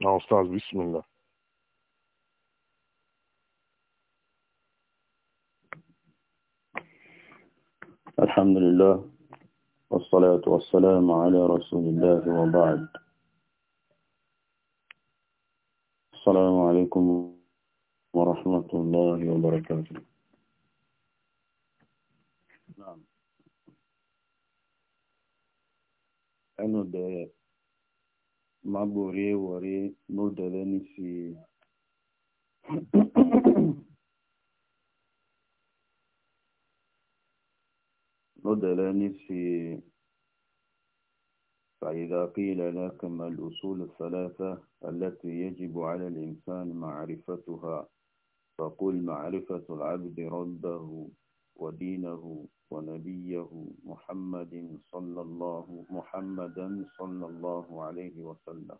نعم أستاذ بسم الله الحمد لله والصلاة والسلام على رسول الله وبعد السلام عليكم ورحمة الله وبركاته نعم أنا مابوري وري n'odele في n'odele في فإذا قيل لك ما الأصول الثلاثة التي يجب على الإنسان معرفتها فقل معرفة العبد ربه ودينه ونبيه محمد صلى الله محمدا صلى الله عليه وسلم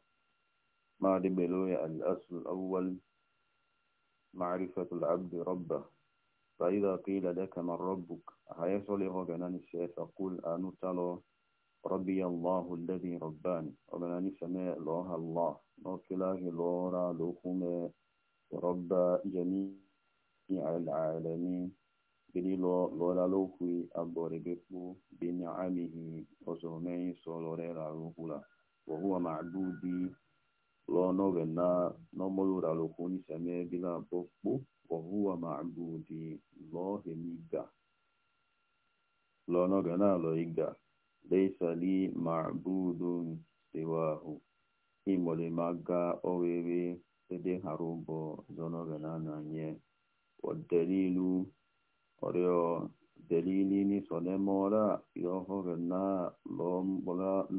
مع بلوية الأصل الأول معرفة العبد ربه فإذا قيل لك من ربك هيصل غبنان الشيء فقل أن تلو ربي الله الذي رباني غبنان سماء الله الله نوكلاه لورا لكم رب جميع العالمين Bililo Loralokwi Aborebekpu Bin Amihi Ozomei Solorera Rukula Wahua Maadudi Lonovena Nomolura Lokuni Seme Bila Bokpu Wahua Maadudi Lohemiga Lonovena Loiga Leisa Li Maadudun Siwahu Imolemaga Owewe Ede Harubo Zonovena Nanye Wadelilu orio delili ni solemora yohorena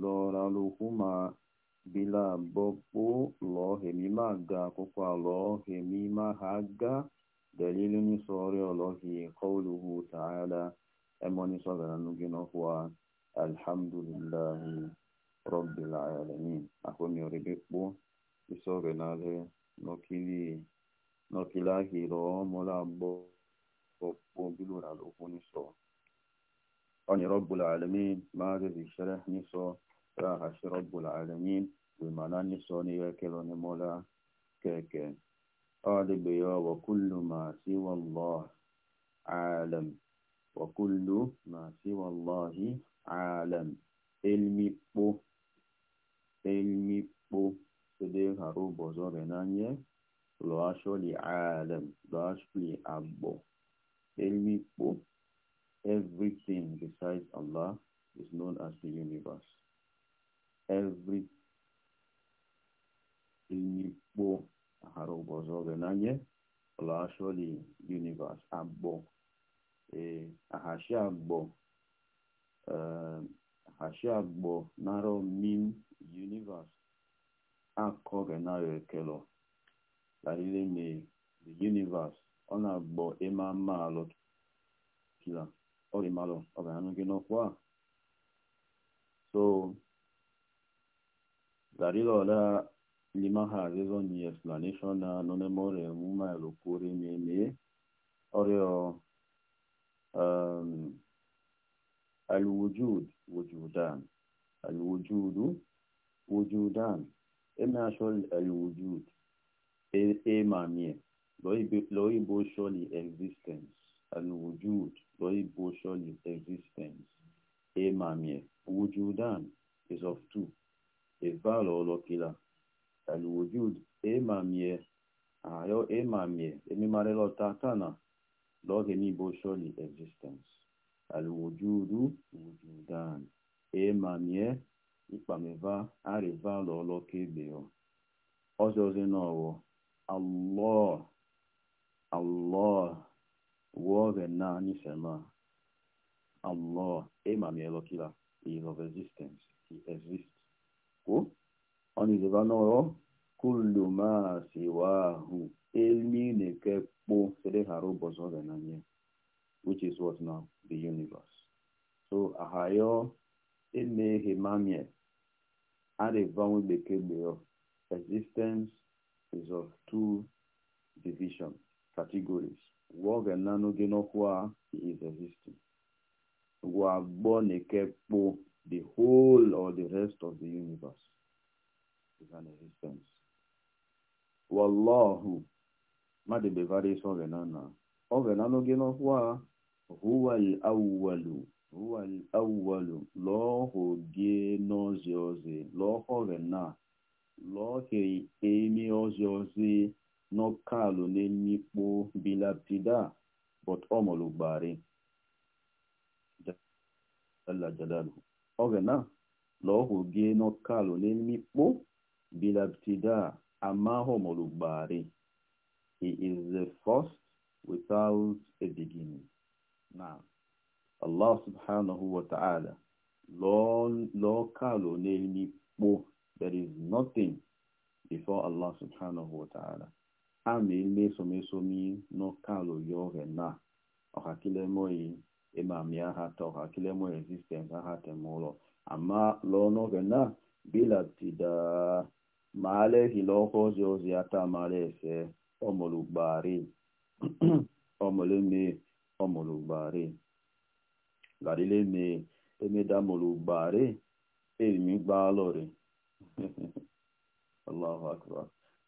loraluhuma bila bopu lohemima ga kokwa lohemima haga delili ni sorio lohi qawluhu ta'ala emoni sogara nugino kwa alhamdulillahi rabbil ahụ akomi oribikpo وبلور على الأفون صو أني رب العالمين ما ذي شرح نصو راح رب العالمين ومعنى نصو نيكلون مولا كيكين قال بيا وكل ما سوى الله عالم وكل ما سوى الله عالم علمي بو علمي بو سدي هارو بوزور نانيه لو عالم لو عالم أبو Elikpo, everything besides Allah is known as the universe. Every Elikpo, Aharobozo, Benanye, Allah actually universe, Abbo, a Abbo, eh, Ahashi Abbo, um, Naro mean universe. Akọ ga kelo, that is the universe. ọ na-agbọ malo mma alụ kila ọrịmalụ ọganụ gị n'ọkwa so darilola lima ha arịzọ ni explanation na anonymous ọrịa emume alụkwuru o eme ọrịa alwujud wujudan alwujudu wujudan eme ashọ alwujud emamie loibo surely existence and wujud loibo surely existence emamie wujudan is of two evalo olokila and wujud emamie ayo emamie emimarelo tatana logenibo surely existence and wujudu wujudan emamie ikpameva arivalo olokebeo ọzọzi n'ọwụ allah Allah wore nani sema Allah emami eh, elokila is of existence he exists ko oni zebanoro kullu ma siwahu elmi neke po sede haro bozo gananye which is what now the universe so ahayo eme hemamie are vanwe bekebeo existence is of two divisions categories. Woga nanoge nokwa is existing. Wabonekepo, the whole or the rest of the universe is an existence. Wallahu, madebevare sovenana. Ovenanoge nokwa, huwa al-awwalu. Huwa al-awwalu. Loho ge nozi ozi. Loho vena. Lohe emi ozi ozi. n'ọkalu n'enyikpo bilapida but ọmọlugbari jalajalalu ogena lọhụ gị n'ọkalu n'enyikpo bilapida amaghọ ọmọlugbari he is the first without a beginning na allah subhanahu wa ta'ala l'ọkalu n'enyikpo there is nothing before allah subhanahu wa ta'ala kile amele somesomi n'ọkalo yorena ọhakilemoi emami ahata ọhakilemo existence ahatemụlọ ama lụọ n'ogena bilatida maaleghila ọkụ ozi ozi ata mara ese ọmụlụgbari ọmụleme ọmụlụgbari garileme emedamụlụgbari erimigbalọri allahu akbar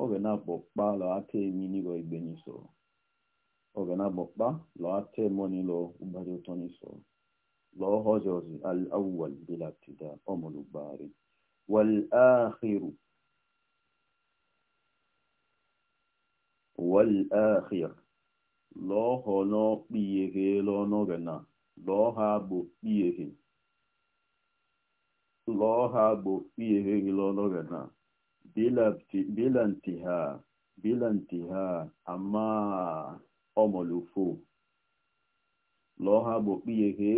ogenabọkpa lọata eminilọ igbeniso ogenabọkpa lọata emonilọ ugbari ụtọniso lọọ họjọzi al'awwal bilatida ọmọlugbari والآخر والآخر lọ́ọ̀họ̀ náà pìyèhè lọ́nà rẹ̀ náà lọ́ọ̀hà bò pìyèhè lọ́ọ̀hà bò pìyèhè lọ́nà rẹ̀ náà bila intihaa bila intihaa ama ọmọlufo lọha bụ kpiyehe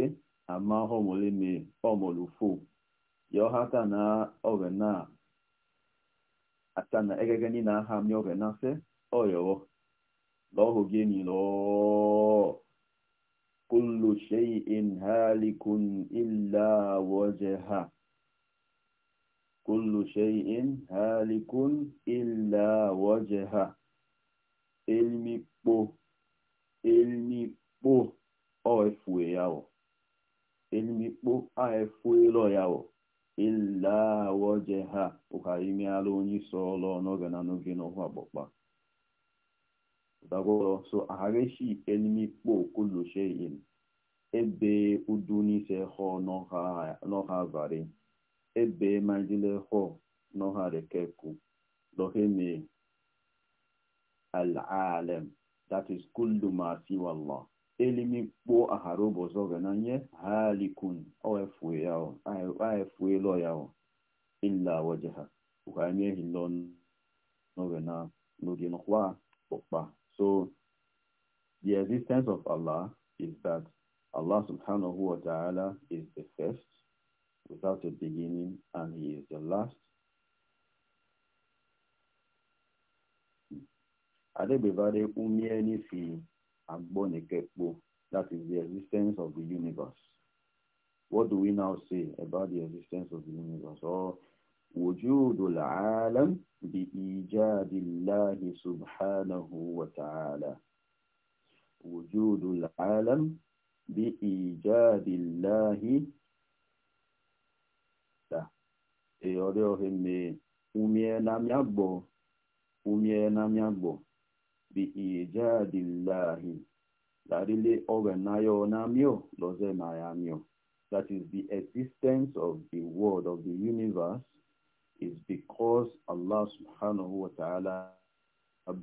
ama homoleme ọmọlufo yọha na ogena atana egege ni na aha mi ogena fe oyowo lọhụ geni lọọ kullu shay'in halikun wọje ha. كل شيء هالك إلا وجهه علمي بو علمي بو أو إفوي ياو علمي بو أفوي لو ياو إلا وجهه وكايمي ألوني سولو نوغنا نوغينو وابوبا dagoro so ahareshi elimi kpo kulu sheyin ebe uduni se ho no ha no ha vari ebe majile ho no harekeku lohemi al alam that is kullu ma fi wallah elimi kpo aharobo zoga na nye halikun oefue yao aefue lo yao illa wajaha uhamie hilon n'oge na nwoke nokwa okpa so the existence of Allah is that Allah subhanahu wa ta'ala is the first without a beginning, and he is the last. Adebevade umieni fi agbonekekpo, that is the existence of the universe. What do we now say about the existence of the universe? Or وجود العالم بإيجاد الله سبحانه وتعالى وجود العالم بإيجاد الله eọrịa oheme umie na mịagbọ umie na mịagbọ bi ijadillahi larile ogenayo na mio loze maya mio that is the existence of the world of the universe is because Allah subhanahu wa ta'ala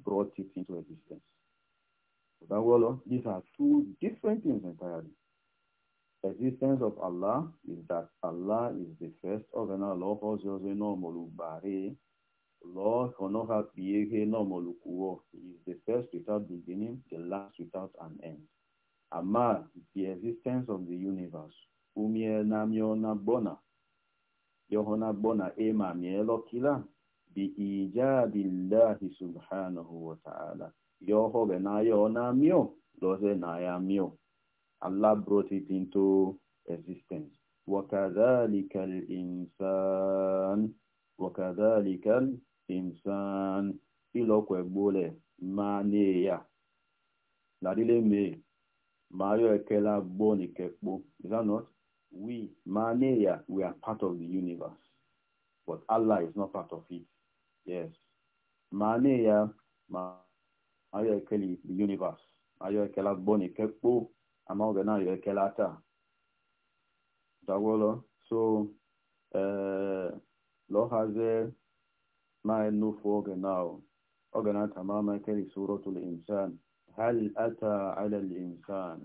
brought it into existence. These are two different things entirely. existence of Allah is that Allah is the first organer Lord, hozoze normolu Lord, law honoha piehe He is the first without beginning, the last without an end. Ama, the existence of the universe. Umie namiona bona. Yohona bona ema mielo kila. Bi ijadillahi subhanahu wa ta'ala. Yoho benayo namio. Loze naya mio. Allah brought it into existence. وَكَذَلِكَ الْإِنسَانِ وَكَذَلِكَ الْإِنسَانِ Ilọ̀kọ̀ ẹ̀gbọ́lẹ̀ máa ní èyà. Làdílé mèé, máa yọ ẹ̀kẹ́lá gbọ́ ní kẹ́pọ̀. Is that not? We, máa ní èyà, we are part of the universe. But Allah is not part of it. Yes. Máa ní èyà, the universe. Máa yọ ẹ̀kẹ́lá gbọ́ ní kẹ́pọ̀. ama oge na yo ekele ata dagwolo so ee lohaze ما النفوق ناو أغنى تماما كلي سورة الإنسان هل أتى على الإنسان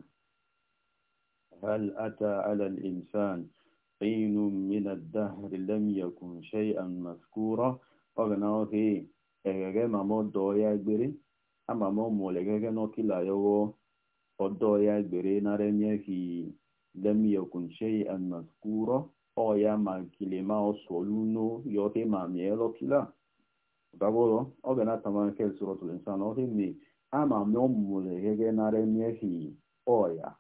هل أتى على الإنسان حين من الدهر لم يكن شيئا مذكورا أغنى في أغنى مو دويا أما مو مولي أغنى كلا يوو odo ya gbere naremie hi lem yakun shay'an mazkura o ya ma kilema osoluno yote ma mielo kila dabolo o bena taman kel suratul insan o himni ama mo mule hege naremie hi o ya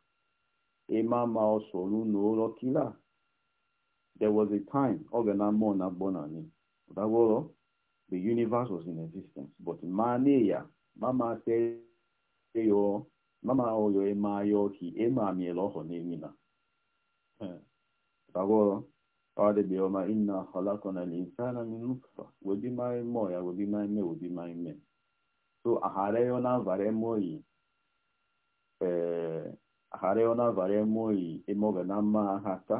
ema ma osoluno lo kila there was a time ogana mo na bonani dabolo the universe was in existence but maneya mama say yo mama oyo ema yoki ema mieloho nimina tagoro pade bioma inna khalaqna al-insana min nutfa wodi mai moya wodi mai me wodi mai me so ahare ona vare moyi eh ahare ona vare moyi emoga na ma hata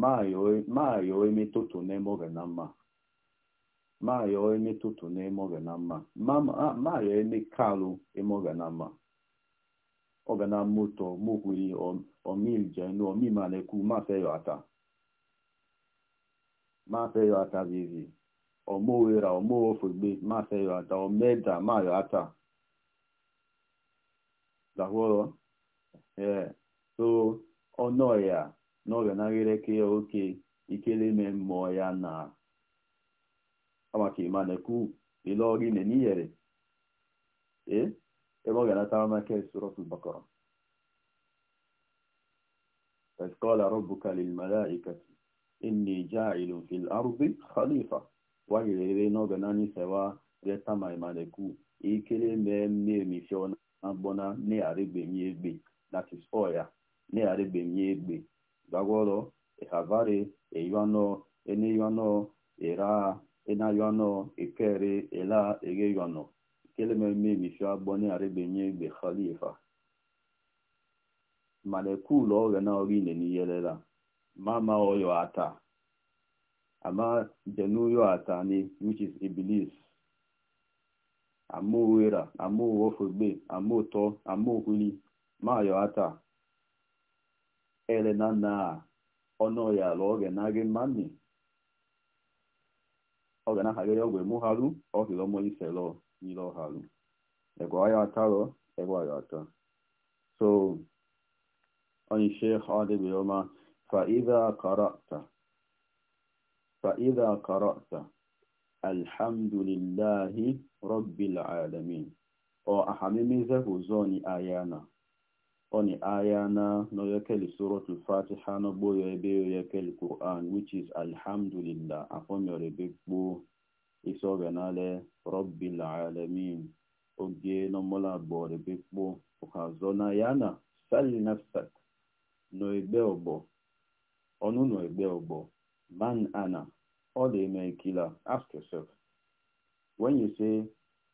ma yo ma yo emetoto na emoga na ma ma yo emetoto na emoga na ma ma ma yo emekalu emoga na ma ọgana moto mokwuri omil jenu omimaleku mafeyo ata mafeyo ata vivi omowera omowofogbe mafeyo ata omeda mayo ata dahworo ee so ọnọya n'ọganaghereke ya oke ikele eme mmụọ ya na amaka imaleku ile ọrụ ine ee تبغى على تعمى كيف سورة البقرة إذ قال ربك للملائكة إني جاعل في الأرض خليفة وإلى نوغ ناني سوا ريتما إمالكو إيكلي ميم ميمي فيونا أبونا ني أريبي ميبي that is oya ني أريبي ميبي داغولو إخافاري إيوانو إنيوانو إرا إنايوانو إكيري إلا إيوانو mi mebi fio agboni arebenye gbe khalifa e malekulu oge na oge ine niyelela mama oyo ata ama jenuyo ata ni which is iblis amowera amowofogbe amoto amohuli mayo ata elena na ọnụ ya ala oge na gị mmanị oge na-ahagịrị ọgwụ emuharu ọhịrị ọmọ iselọ ilohalu egwa ya atalo egwa ya ata so oni sheikh adebiyoma فإذا قرأت فإذا قرأت الحمد لله رب العالمين أو أحممزه زوني آيانا oni ayana no yekeli suratul fatiha no boyo ebe yekeli quran which is alhamdulillah afon yore begbo isoganale rabbil alamin oge nomola bore bikpo ukazona na ya nafsak no ebe obo onu no ebe obo man ana all eme ikila ask yourself when you say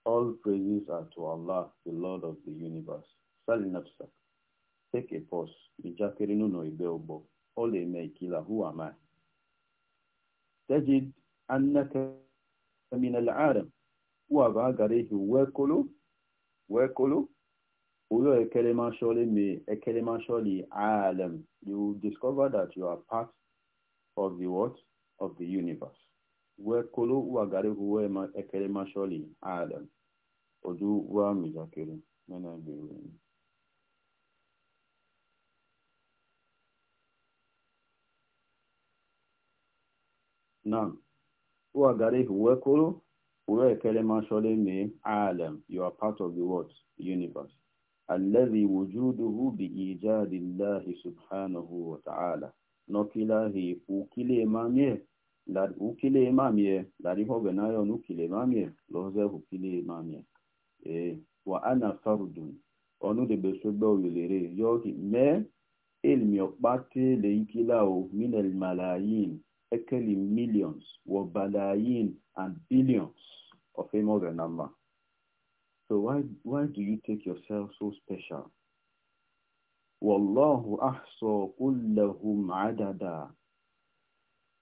all praises are to Allah the lord of the universe sali nafsak take a pause ijakiri no ebe obo all eme ikila who am i من العالم وابا غاريه وكلو وكلو Olo Ekelemashole me Ekelemashole Alam. You discover that you are part of the world Of the universe. Wekolo wagare huwe ma Ekelemashole Alam. Odu wa mizakere. Mena biwe. Now, who are Garek Wekuru, Ure Kelemashole me Alam, you are part of the world, universe. الذي وجوده بإيجاد الله سبحانه وتعالى نوكله وكله مامي لا وكله مامي لا ريحه بنايا نوكله مامي لوزه وكله مامي إيه وأنا فرد أنو دبسوبة ويلري يوكي ما ilmi ọ̀pá tí lè yí kí láò mílẹ̀ màláyìn ekeli millions were balayin and billions of a more number. So why why do you take yourself so special? Wallahu ahsa kullahum adada.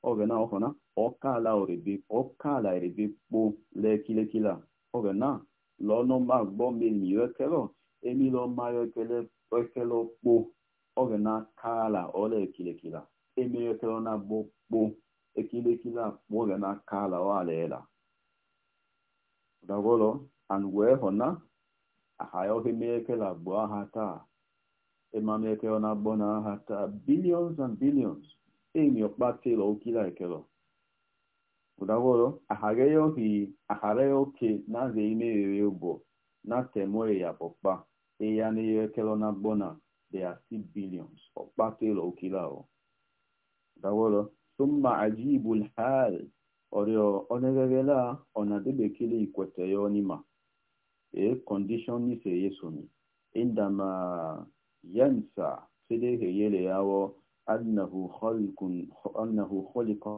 Oge na ọkọ na ọkala orebe ọkala erebe kpo lekilekila. Oge na lọ́nà máa gbọ́ mi mìíràn èmi lọ máa yọ ekele ekele kpo na kala ọlẹ kilekila. emeghekere na gbokpo ekilekile akpụghị n'aka alawalela dagolo and wee hụ na ahayoghị meghekele abụọ aha taa emamekere na agbọ na aha taa billions and billions emiọkpa telo okile ekelo dagolo aharayoghị aharayoke na-aza ime ere ụbọ na temoe ya pọkpa eya na ihe ekelo na agbọ na they si still billions ọkpa telo okile ahụ dawolo summa ajibul hal ọrịọ ọneghegela ọnadebekele ikwete ya onima e kọndishọn nise yesomi indama yansa sedehe yele yawo annahu khalikun annahu khalika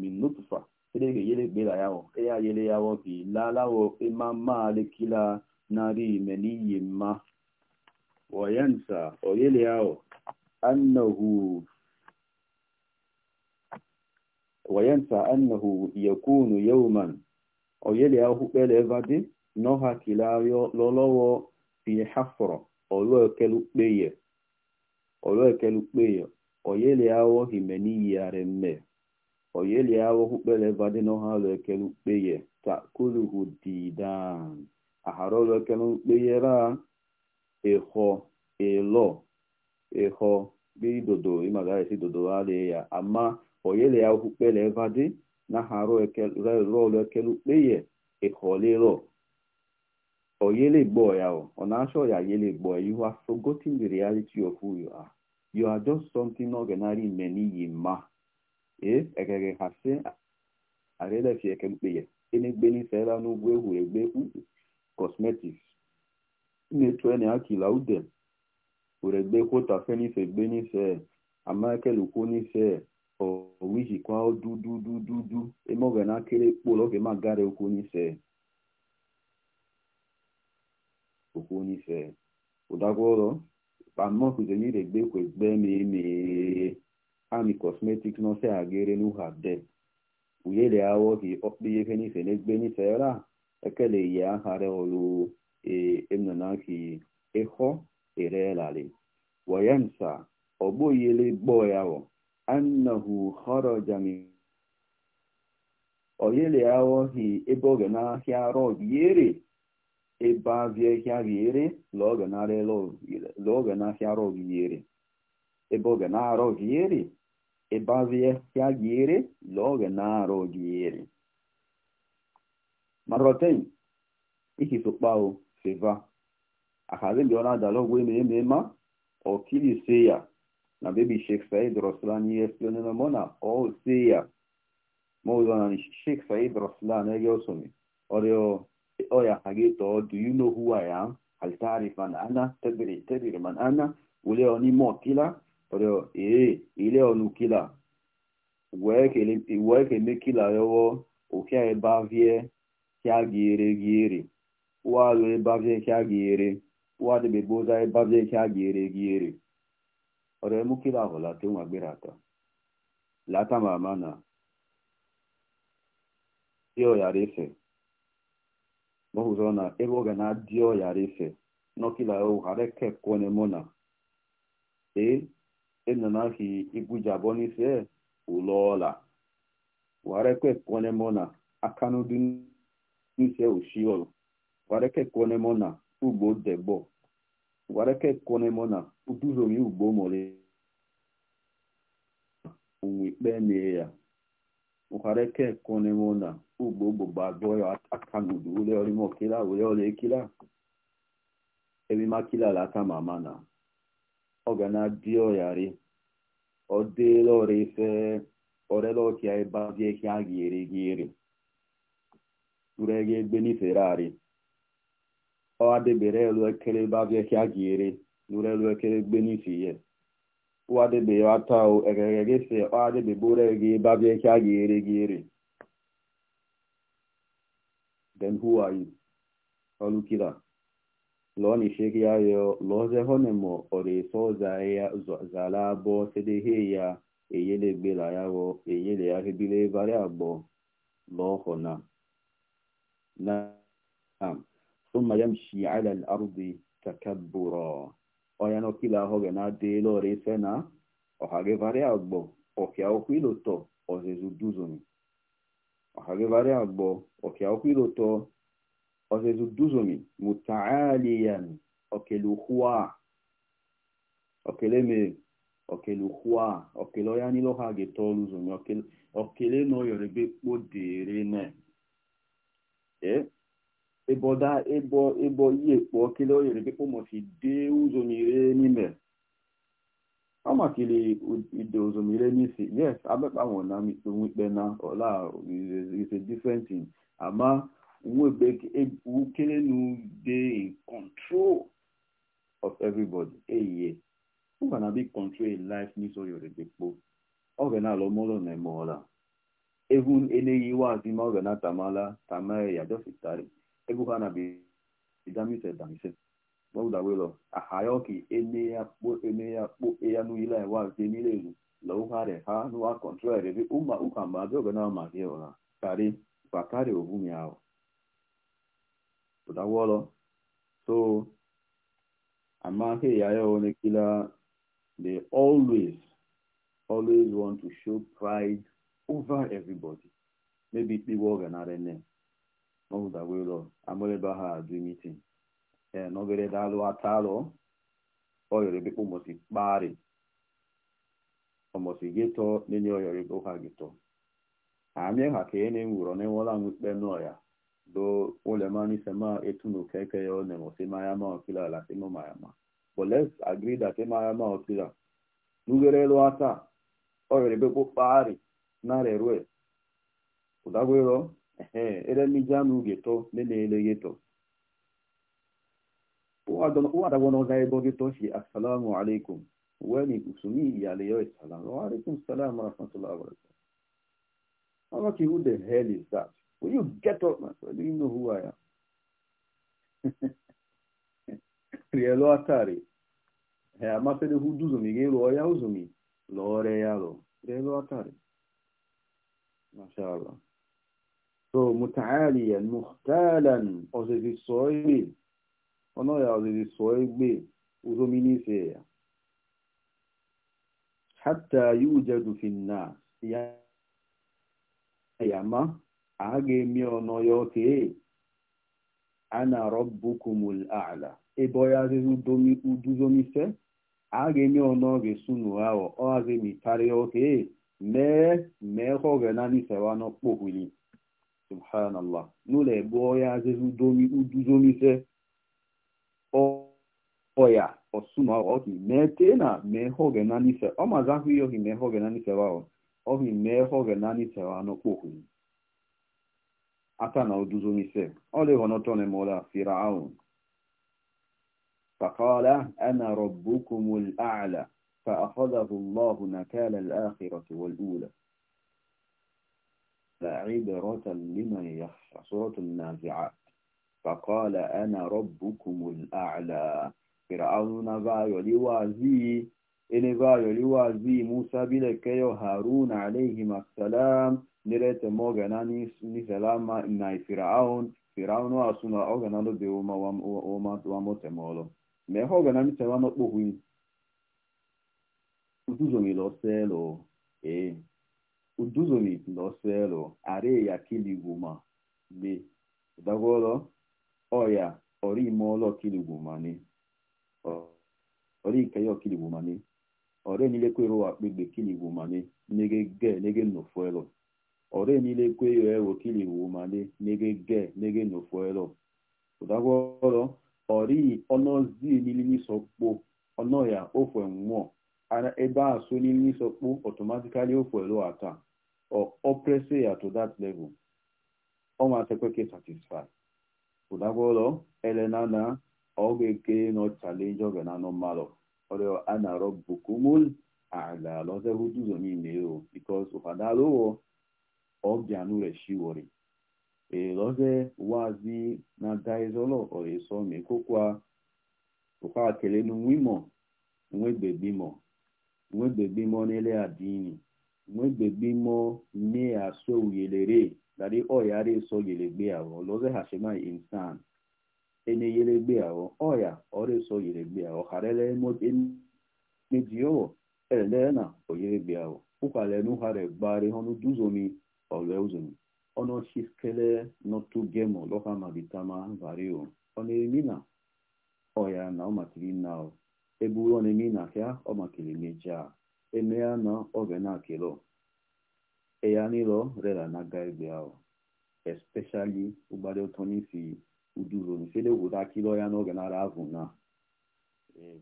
min nutfa sedehe yele gbela yawo eya yele yawo bi lalawo imama e lekila nari meniyemma wayansa oyele yawo annahu وينسى أنه يكون يوما أو يلي أهو بيلي فادي نوها كلا لولو في حفرة أو لو كلو بيه أو لو كلو بيه أو يلي أهو همني يارمي أو يلي أهو بيلي فادي نوها لو كلو بيه تأكله ديدان أهارو لو كلو بيه را إخو إلو إخو بيدودو إما غاية سيدودو عليها أما oyele ya ukpele evadi na ha rọọlụ ekele ukpe ukpeye ekolelo oyele igbo ya ọnasho ya yele igbo you are forgotten the reality of who you are you are just something ordinary men iyi ma ee egere ha si arelefi ekele ya enegbeni fela n'ugwu egwu egbe e cosmetics na-etu ene akila ude were gbe kwota fe n'ife gbe n'ife amaekele ukwu n'ife owi jikwa dududududu emoge na akịrị kpụrụ oge ma gara okwu onyeise okwu onyeise ụdagwọrọ amọkụzenyere gbekwe gbe meemee ami cosmetics nọsị agere n'uha de uyere awọ gị ọkpụye ihe n'ife n'egbe n'ife ra ekele ya ahara ọrụ emna na aki ịhọ erelali wayamsa ọgbọ yele gbọ ya wọ annahu kharaja min oyele awohi ebe oge n'ahịa arụ yere ebe avia ahịa yere lọge n'ahịa rọg yere ebe oge na-arọg yere ebe avia ahịa yere lọge na-arọg yere marotain ihisokpao feva ahazimbiona dalogwe ma okilise ya na baby Sheikh Said Roslan yesplane na mona o siya mozana ni Sheikh Said Roslan yosomi oryo oya hagito do you know who I am هل تعرف من أنا تدري تدري من أنا وليو ني مو كلا oryo ee ile onu kila uwe kele kila yowo okia ebavie kia gere gere uwa lo ebavie kia gere uwa debeboza ebavie kia gere gere ọ̀rọ̀ emukila ahụla te nwa gbere ata lata ma ama na dị ọyara efe gbọhụzọ na ebe ọ ga na dị ọyara efe nọkila ụghara kekọ n'emo na e ena na hi abụọ n'isi e ụlọ ọla ụghara kekọ n'emo na akanụ dị n'ise oshi ọlụ ụghara kekọ n'emo na ugbo degbo wareke kone mona utuzomi ugbo mole ikpe ne ya ukwareke kone mona ugbo gbogbo agboyo akanudu ule orimo kila ule ole kila ebima kila lata mama na ga na dio yari odela ore ife orela okia ebe abia ehi a ga e eri gị eri ure gị egbe nifere arị Ọ elu ọadebere eluekere baviahia giere lure eluekere gbe n'isi ye ụadebe atao egeregese ọadebeboregi baviahia giere giere then who are you ọlụkila lọọ gị nishegi ya yo lọọzehonemo ọrịsa ọzaya zala abọ sedehe ya eyelegbela ya wo eyele ya hebile ebari agbọ lọọ họna na ثم يمشي على الأرض تكبرا ويانو كلا هغنا ديلو ريسنا وحاجة فاري أكبو وكيا وكيلو تو وزيزو دوزوني وحاجة فاري أكبو وكيا وكيلو تو وزيزو دوزوني متعاليا وكيلو خوا وكيلمي وكيلو خوا وكيلو يعني لو حاجة تولوزوني وكيلو وكيلو نو يربي قديرين إيه eboda ebo ebo yi ekpo kele o yere pepo mo fi de uzomire nime ama kele ide uzomire nisi yes abepa won na mi pe won pe na ola is a different thing ama won be ebu e, nu dey control of everybody eye who can be control a life ni so yore pepo o ga na lo mo lo na mo ola even eleyi wa ti ma o ga na tamala tamaye ya just itari egwu ha na bidamise damise gbawudawelo ahayoki ah, ene ya kpo ene ya kpo e ya nuila wa denile lu lauhare ha nuwa kontrere vi uma uka mazo gana magiola e kari bakari ovumi ao budawolo so amahe yayo nekila always always want to show pride nowelo amolebha dimiti enogeredalụ atalụ oyorebekpo mosi kpari omosi geto nenye oyorebe ụka geto amị ha ka ene nwụrụ n'enwela nwikpe n'ọya do olemanifema etunokeke e ya onemosimaya okila lasimayama but let's agree that emayama okila nugerelu ata oyorebekpo kpari ọ ụdagwelo ehe eremija na uge to nenele ye to uwadagwanoza ebo ge to shi assalamu alaikum weni usumi yale yo salam wa alaikum salam wa rahmatullahi wa barakatuh I'm like, who the hell is that? Will you get up, man? Do you know who I am? Rielo atari. He amasede huduzomi ge lo ya uzomi. Lo re ya lo. Rielo atari. Mashallah. so mutaaliyan muhtaalan ọ̀sẹ̀sì sọ ègbè ọ̀nà ọ̀yà ọ̀sẹ̀sì sọ ègbè uzominise ya hatta yujadu finna ya yama a ga-eme ọ̀nà ya oke ana rabbukumul a'la ebe ọya azịzị uduzomise a ga-eme ọ̀nà ọ ga-esu n'ụwa ọ hazi mitarịa oke mee mee họgana nisewa n'ọkpọkwili subhanallah n'ụlọ egbu ọya uduzomise ọya ọsụma na mehoge na nife ọmazi ahụ ihe ohi mehoge na nife wa ohi mehoge na nife wa n'okpokwu ata na uduzomise ọlịghọnọtọ nemola firaun فقال أنا ربكم الأعلى فأخذه الله نكال الآخرة والأولى عبرة لمن يخشى سورة النازعات فقال أنا ربكم الأعلى فرعون بايو لوازي إن بايو لوازي موسى بلكيو هارون عليهما السلام نريت موغنا نسلاما إناي فرعون فرعون وأسونا أغنا نبي وما وما وما تمولو ما هو غنا نسلاما نقبوهين Utuzo mi lo selo, eh, uduzoni loselo areya kiliguma le dagolo oya orimolo kiligumani orikeyo niile orenilekweru akpegbe kiligumani nege ge nege nofuelo orenilekweyo ewo kiligumani nege ge nege nofuelo dagolo ori onozi nilinisokpo onoya ofwe nwụọ ebe asụ so nilinisokpo otomatikali ofwe lo ata or oppress her to that level. Almost quickly satisfied. Udagolo, Elenana, Ogeke no challenge of an anomal. Or ana rob bukumul, ala loze hudu zoni neo. Because ufadalo, Ogjanure E na daizolo or eso mekokwa. Ukwa kelenu wimo, nwegbe bimo. Nwegbe bimo nele adini. mwegbebimo ne aso uyelere dari oya re so yelegbe awo loze hashema insan ene yelegbe awo oya ore so yelegbe awo harele mo mejiyo elena oyelegbe awo ukale nu hare bare honu duzomi ole uzomi ono shiskele no tugemo loka mabitama vario ono emina oya na na omatiri nao eburu ono emina ya omakili meja emea na oge na-akelo eya n'ilo rela na-aga ahụ especially ụtọ n'isi uduro kilo ya n'oge nara e, avụna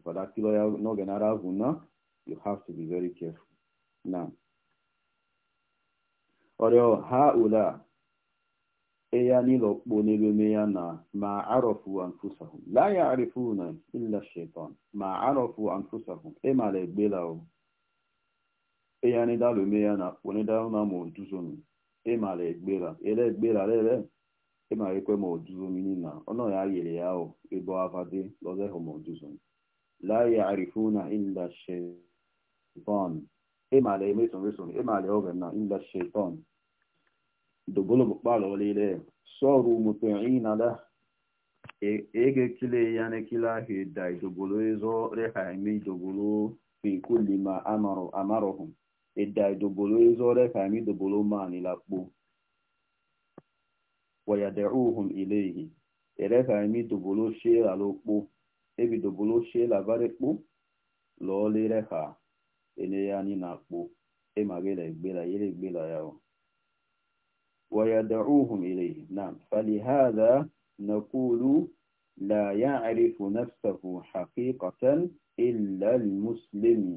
gwada kilo ya n'oge nara avụna you have to be very careful na ọrịa ha ụla eya n'ilo kpo n'elu eme ya na ma arọfu anfusahụ la ya arịfu na illa shetan ma arọfu anfusahụ ịmara e egbela ahụ eya ni da lome ya na kpone da na mo duzonu e ma le gbera ele gbera lele e ma ekwe mo duzomi ni na ono ya yele ya o ebo avade loze ho mo duzonu la ya'rifuna inda shaytan e ma le meson meson e ma le oven na illa shaytan dogolo bukpalo lele soru muti'ina la e, ege kile yana kila hidda idogolo ezo reha ime idogolo fi kulli ma amarohum ẹ̀dà ìdòbòló ẹzọ́rẹ́ kàmí ìdòbòló máa nílápò wọ̀yàdẹ̀rúhùn ilé yìí ẹ̀rẹ́ kàmí ìdòbòló ṣe é lálópò ebi ìdòbòló ṣe é làbárẹ́pò lọ́ọ́ lérẹ́ ha eléyà nínàpò ẹ màgẹ́lẹ̀ gbéra yẹ́lẹ̀ gbéra yà ó wọ̀yàdẹ̀rúhùn ilé yìí náà falihàdà nàkúlù làyà àrífù nàfṣàfù hàkíkọ̀tẹ́n ilẹ̀ mùsùlùmí.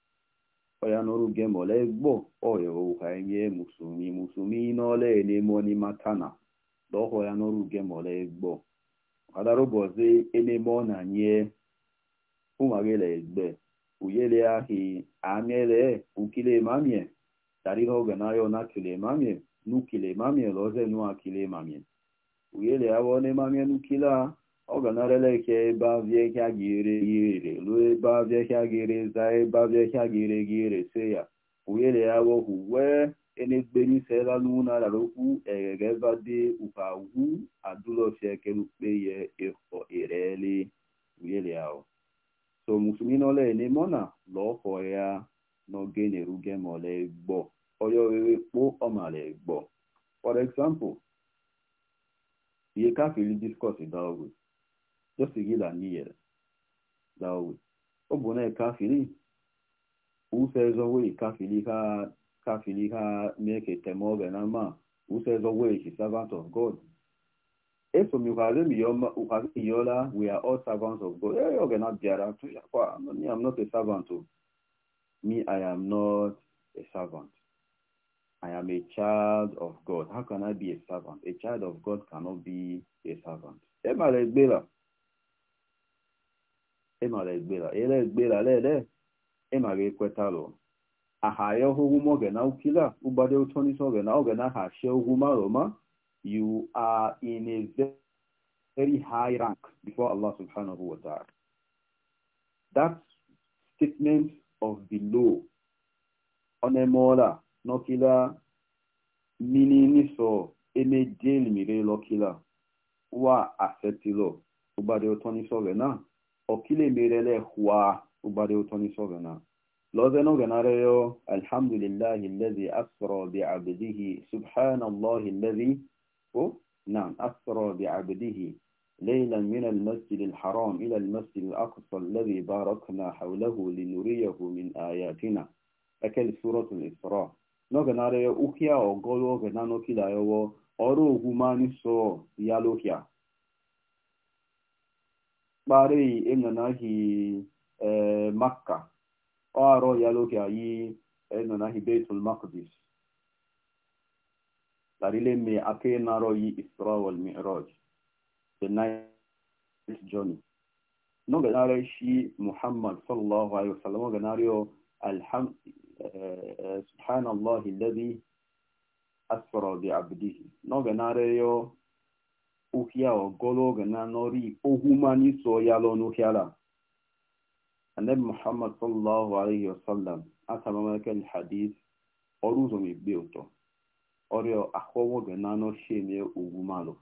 oya n'ọrụ uge ma ole gbo oya owuha nye musumi musumi n'ole enemo n'ime tana lọhọ ya n'oru uge ma ole gbo ọkadarobozi enemo na nye ụmagele egbe uyele ahi amele ukile mamie tarire oge n'ahịa ya na kile mamie nukile mamie loze nua kile mamie uyele awo ne mamie nukila ọganareleke ebe avịahịa gị ere gị ere ruo ebe avịahịa gị ereza ebe avịahịa gị ere gị erese ya oyere ya wohu wee enegberi selaluna rarokwu egegevade ukagwu adulofiekelukpeye ehọ erele oyere ya so musulmi nọla enemọna lọọkọ ya n'oge na-eruge mọla egbo ọyọ wewe kpo ọmala egbo for example ihe kafili discos dawgwe yosigila niyere dawe obona kafiri usezowe kafiri ha kafiri ha meke temoge na ma usezowe ki servant of god eso mi ukare mi yoma ukare yola we are all servants of god eh yoge na biara tu kwa me i'm not a servant to me i am not a servant I am a child of God. How can I be a servant? A child of God cannot be a servant. Ẹ máa rẹ̀ ịnọrọ egbela ele egbela lele ịmaga ekwetalụ aha ya ọhụrụ m oge na ukila ụgbado ụtọ n'isi oge na oge na aha shi ogwu maroma you are in a very high rank before Allah subhanahu wa ta'ala that statement of below onemola nọkila mini niso eme lọkila wa acceptilo lo ụtọ n'isi oge na okile mirele huwa ubade utoni sogana لوزن غناريو الحمد لله الذي أسرى بعبده سبحان الله الذي هو نعم أسرى بعبده ليلا من المسجد الحرام إلى المسجد الأقصى الذي باركنا حوله لنريه من آياتنا أكل سورة الإسراء نغناريو أخيا أغلو غنانو كلا يو أرو غماني سو يالوكيا kpari enanahi makka aro yaloki ayi enanahi beitul maqdis tarile me ake naro yi isra wal mi'raj the night journey no ganare shi muhammad sallallahu alaihi wasallam ganario alham subhanallahi alladhi asra bi abdihi no ganario ohia ogologo na nori ohumani so ya lo nuhiala annabi muhammad sallallahu alaihi wasallam atamamaka alhadith oruzo mi gbe oto orio akwowoge na no sheme ogumalo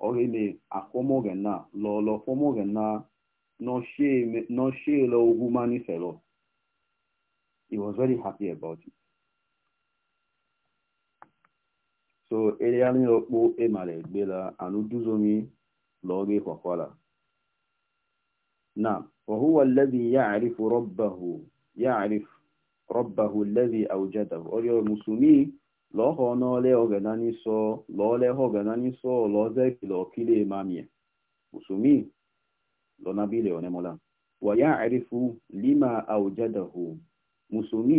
orime akwomoge na lo lolo fomoge na no sheme no Ohumani ogumani felo he was very happy about it so erearịrị okpo emara egbela anụduzomi lọghị kwakwara na وهو الذي يعرف ربه يعرف ربه الذي أوجده أريد المسلمين lọ hụ n'ọlẹ ọganani sọ lọọlẹ ọganani sọ lọọzẹ kìlọ kílẹ mamiẹ mùsùlùmí lọnàbílẹ ọnẹmọlá wàyà àrífù lima àwùjádàhù mùsùlùmí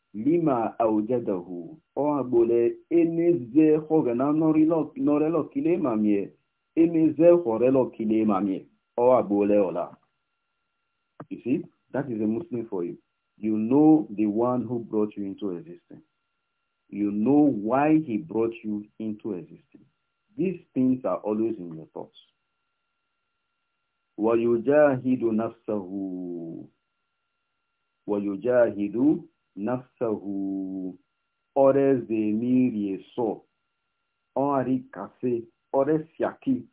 lima aujadahu o agbole eneze hoge na norelo kile mamie eneze horelo kile mamie o agbole ola you see that is a muslim for you you know the one who brought you into existence you know why he brought you into existence these things are always in your thoughts ويجاهد نفسه ويجاهد nafsahu ores de miri so kase ores yaki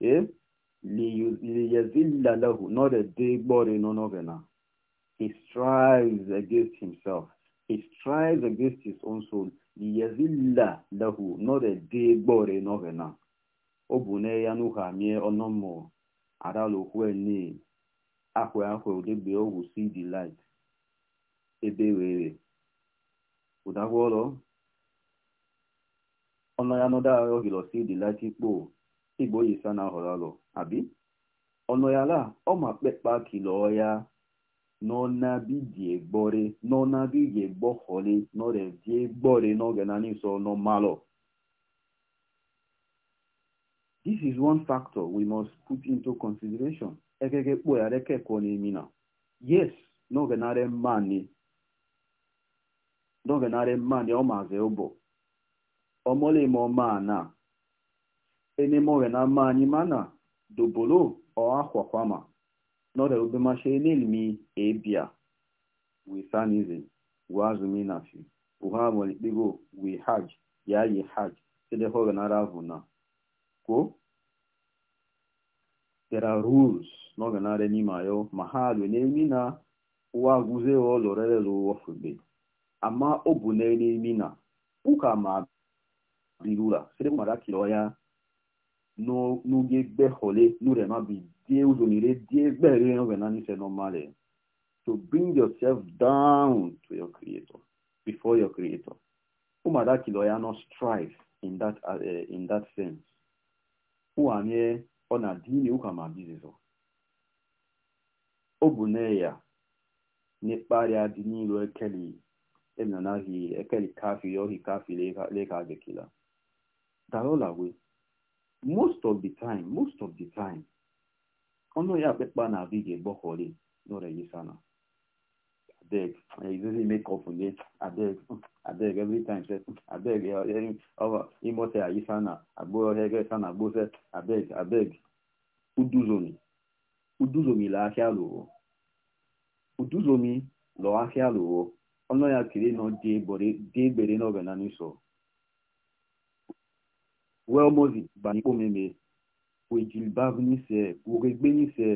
eh li yazilla lahu not a day body no novena he strives against himself he strives against his own soul li yazilla lahu not a day body novena obune ya nu ha mie onomo aralo hwe ni ahwe ahwe odegbe owu see the light ebe were ụdagwọrọ ọnụya nọda arọ hilosi dịlati kpo igbo yisa na họrọrọ abi ọnụyala ọma kpekpa kilo ya n'ọna bidie gbọre n'ọna bidie gbọhọre n'ọrịa die gbọre n'oge na n'iso n'ọmalọ This is one factor we must put into consideration. Ekeke kpo ya reke kwa n'imi na. Yes, n'oge na-are mma narị ọ maazị dovenare mani omaze obo omolimo mana enemorena mani mana dobolo oakwakwama nore obemashe enelimi ebia wisanizi wazuminafi uhamolikpigo wihaj yayi haj sedehovenara vuna ko there are rules n'oge na-arịa n'ime ayọ ma ha rue n'emi na ụwa gụzie ụlọ rere ụwa fube ama obu bụ n'elimi na ụka ma birura sịrị mara kiro ya n'oge gbehole nure mabi die ụzọ die gbere nwe na nise normale to bring yourself down to your creator before your creator ụmụada kiro ya no strife in that uh, in that sense ụanye ọ na dini ụka ma bizizo ọ bụ na ya n'ịkparịa adị n'ilu ekele emnana hi ekeli kafi yo hi kafi leka agekila darola we most of the time most of the time ọnụ ya akpekpa na abụ ga egboghori n'ụlọ gị sana abeg izizi make up nye abeg abeg every time say abeg eh, eh, imote ayi sana agboro hege eh, sana agbose abeg abeg uduzomi uduzomi la ahịa lo. uduzomi lọ ahịa lo. ọnụ ya kiri nọ dị egbere n'oge na n'iso wee mozi banye ikpo meme wejilbab n'ise wogegbe n'ise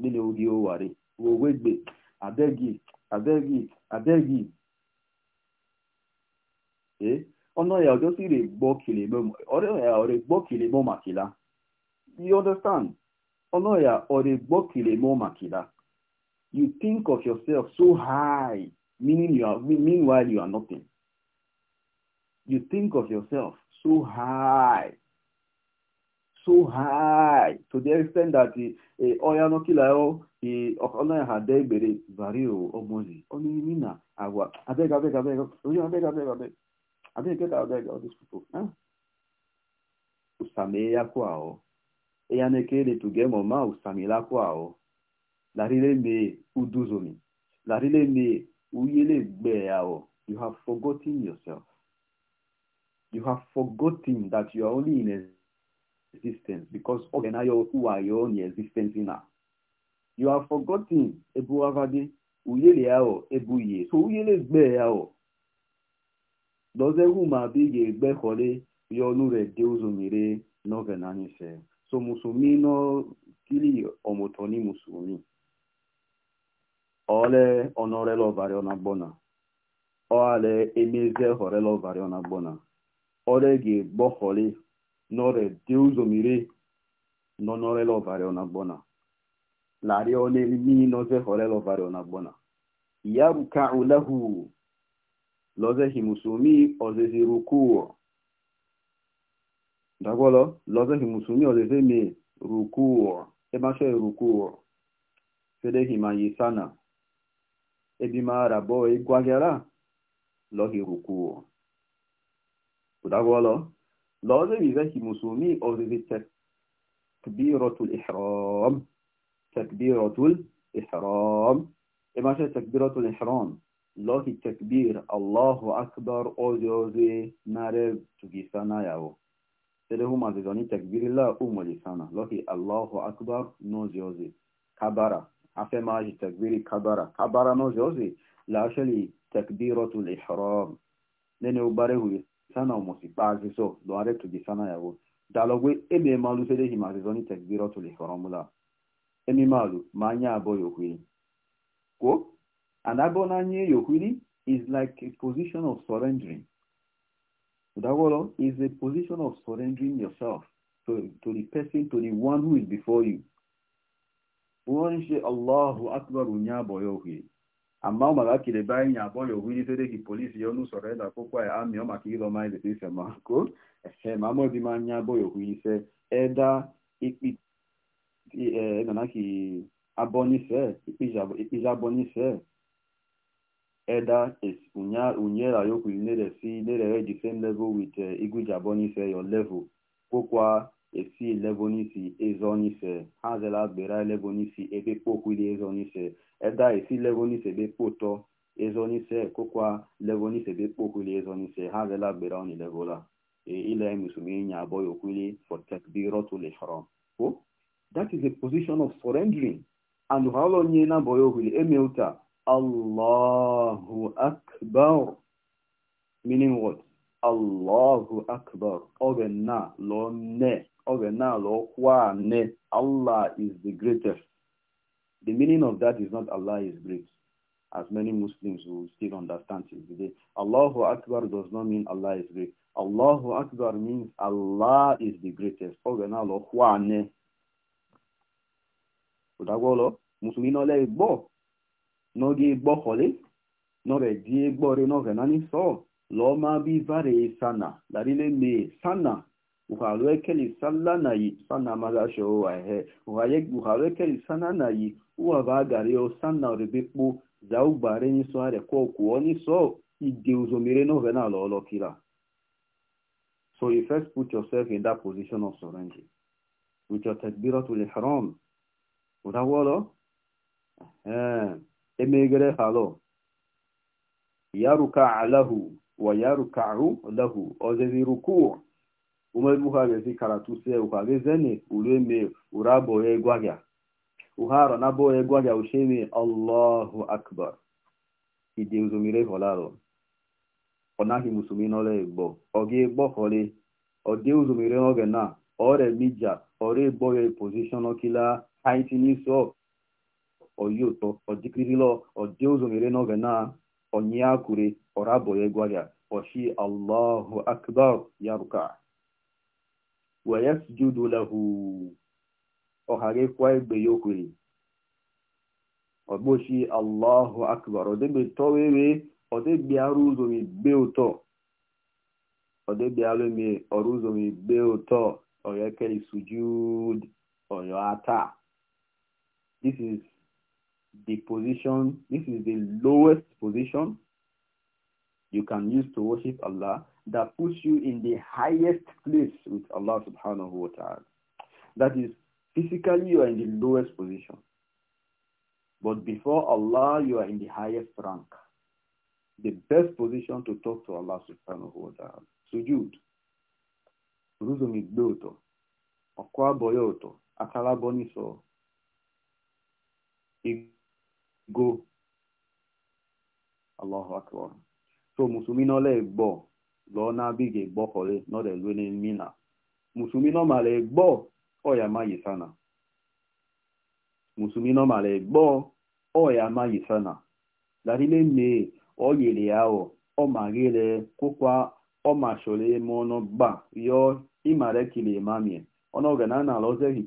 nile oge owari wogegbe adegi adegi adegi ee ọnụ ya ọjọọ siri gbọ kile mo makila you understand ọnụ ya ọrịa kile mo makila you think of yourself so high meaning you are, meanwhile you are nothing. You think of yourself so high, so high to the extent that ọya nọkịla ọnaya ha dee gbere vario ọgbọzi onye imi na agwa abeg abeg abeg onye abeg abeg abeg abeg get abeg all these people usame ya kwa o oh. ya nekele tugemo ma usamila kwa o oh. larile me uduzomi larile me You have forgotten yourself. You have forgotten that you are only in existence because Ogenayo who are your only existence in now. You have forgotten Ebu Avadi, Uyele Ao, Ebu Ye. So Uyele Gbe Ao. Doze Huma Bige Gbe Kole, Yolure Deuzumire, Novenani Se. So Musumi no Kili Omotoni Musumi ole onorelo variona bona ole emeze horelo variona bona ole gi boholi nore diuzomiri nonorelo variona bona lari one mi noze horelo variona bona yarukau lahu loze himusumi ozezi rukuo dagolo loze himusumi ozezi mi rukuo emashe rukuo fede himayisana ebimara bo igwagara lohi rukuo udagwolo loze bizehi musumi ozizi takbiratul ihram takbiratul ihram emashe takbiratul ihram lohi takbir allahu akbar ozi ozi nare tugisana yawo sede huma zizoni takbirila umolisana lohi allahu akbar nozi ozi kabara afẹ́máàjì tẹ̀gbìrì kábàrà kábàrà náà ṣe ó sì láṣẹ́lì tẹ̀gbìrọ̀tù lè ṣọ̀rọ̀ nínú ọgbàrẹ̀ ìwé sánà ọmọ sí pa àṣìṣọ lọ àrẹ tòjì sánà ìyàwó dàlọ́gbé èmi máa lu fẹ́lẹ́ ìmọ̀ àṣìṣọ ní tẹ̀gbìrọ̀tù lè ṣọ̀rọ̀ múlá èmi máa lu máa ń àbọ̀ yòókùrí kó àdábọ̀ náà ń yé is like a position of surrendering ìdáwọ́lọ́ is a position of surrendering yourself to, to the person to the one who is before you. wọ́n ṣe allahu akbar ní abọ́yọ̀hì àmọ́ ọmọ alákìlẹ̀ báyìí ní abọ́yọ̀hì ní tó dékì polisi yọ́nú sọ̀rọ̀ ẹ̀dà púpọ̀ ẹ̀ àmì ọmọ kìí lọ máa ìdẹ̀tẹ̀ ìṣẹ̀ máa kó ẹ̀ṣẹ̀ máa mọ́ ibi máa ní abọ́yọ̀hì iṣẹ́ ẹ̀dá ipi ẹ̀nàkì e, ẹ̀dá esi elebonisi ezonise ha zela gbera elebonisi ebe kpokwili ezonise eda esi lebonisi ebe kpoto ezonise kokwa lebonisi ebe kpokwili ezonise ha zela gbera oni lebola e, ile musulmi nya aboy okwili for takbiratul ihram ko that is a position of surrendering and halo nye na boy okwili emeuta allahu akbar meaning what allahu akbar obenna lo ne Ogenalo Kwane. Allah is the greatest. The meaning of that is not Allah is great, as many Muslims will still understand it. today. Allahu Akbar does not mean Allah is great. Allahu Akbar means Allah is the greatest. Ogenalo Kwane. Odagbolo, Musulmi no le igbo. No gi igbo kole. No re di igbo re no venani so. Lo ma bi vare sana. Dari me sana. uhalwekeli sala na yi sana magasho wahe uhayek uhalwekeli sana na yi uwa bagario sana oribikpu za ubare ni so are ko ku oni so ide uzomire no na lolo kila so you first put yourself in that position of surrender with your takbiratul ihram udawolo eh emegere halo yaruka alahu wa yaruka'u lahu ozevi ruku' umeru ha gezi karatu sie uha gezeni ureme urabo ye gwagya uharo nabo e gwagya ushemi allahu akbar idi uzumire onahi oge igbo odi uzumire oge na ore mija ore igbo ye okila haiti niso oyi ụtọ ọdịkirilo ọdị uzumire n'oge na onye akure ọrabo e gwagya oshi allahu akbar yaruka ويسجد له lahu ọ ghara ịkwa egbe ya okwere ọgbochi وده akbar ọdebe وده ọdebiara ụzọ igbe ụtọ ọdebiara eme ọrụ ụzọ igbe this is the position this is the lowest position you can use to worship allah that puts you in the highest place with Allah subhanahu wa ta'ala. That is, physically you are in the lowest position. But before Allah, you are in the highest rank. The best position to talk to Allah subhanahu wa ta'ala. Sujud. Ruzumigbe ụtọ. Ọkwa abọya ụtọ. Akalabọ n'isọ. Allahu akbar. So, Musulmi n'ọla lọ na abịghị ga-egbọkọrị nọdelwele mina musumi nọmala ọya maghị sana ọya maghị sana darile mme ọ yere ahụ ọ maghere kwụkwa ọ machọrọ ịmụ ọnụ gba yọ ịmara kile emamie ọnụọgana na alọzeghị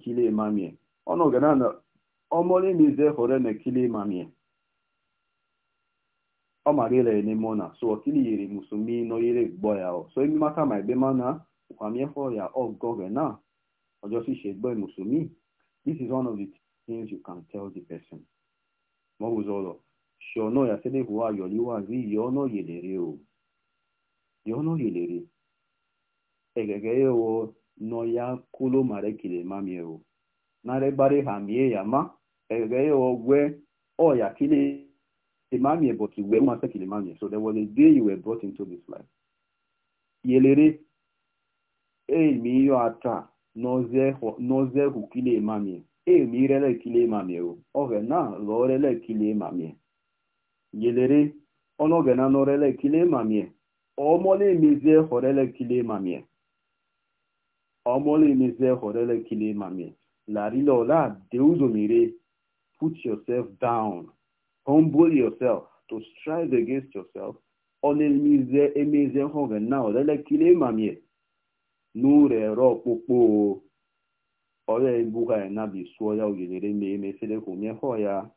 kile ọ omarile nemona so okili yere musumi no yere gbọ ya o so emi maka ma ebe mana ukwamie for ya ogoge na ojo si se gbo musumi this is one of the things you can tell the person mo uzolo shono ya sele huwa yoliwa zi yono yelere o yono yelere egege o no ya kulo mare kile mamie o na re gbare ha mie ya ma egege o gwe o ya kile Emmanuel, but you were not taking Emmanuel. So there was a day you were brought into this life. Yelere, èmi yọ ata n'ọzẹ hù kílé Emmanuel. Èmi rẹlẹ̀ kile Emmanuel o. Ọ̀rẹ́ náà lọ kile kílé Emmanuel. Yelere, ono gena lọ rẹlẹ̀ kile Emmanuel. Omole mi zẹ́ họ̀ kile kílé Emmanuel. Ọmọlé mi zẹ́ kile rẹlẹ̀ kílé Emmanuel. Làrílọ̀ ọ̀la, dèúzòmìire, put yourself down. humble yourself, to strive against yourself. On elmize emeze hoge na olele kile mamie. Nure ro popo. Ole mbuga na bi suoya oyelere me me sele ko mi hoya.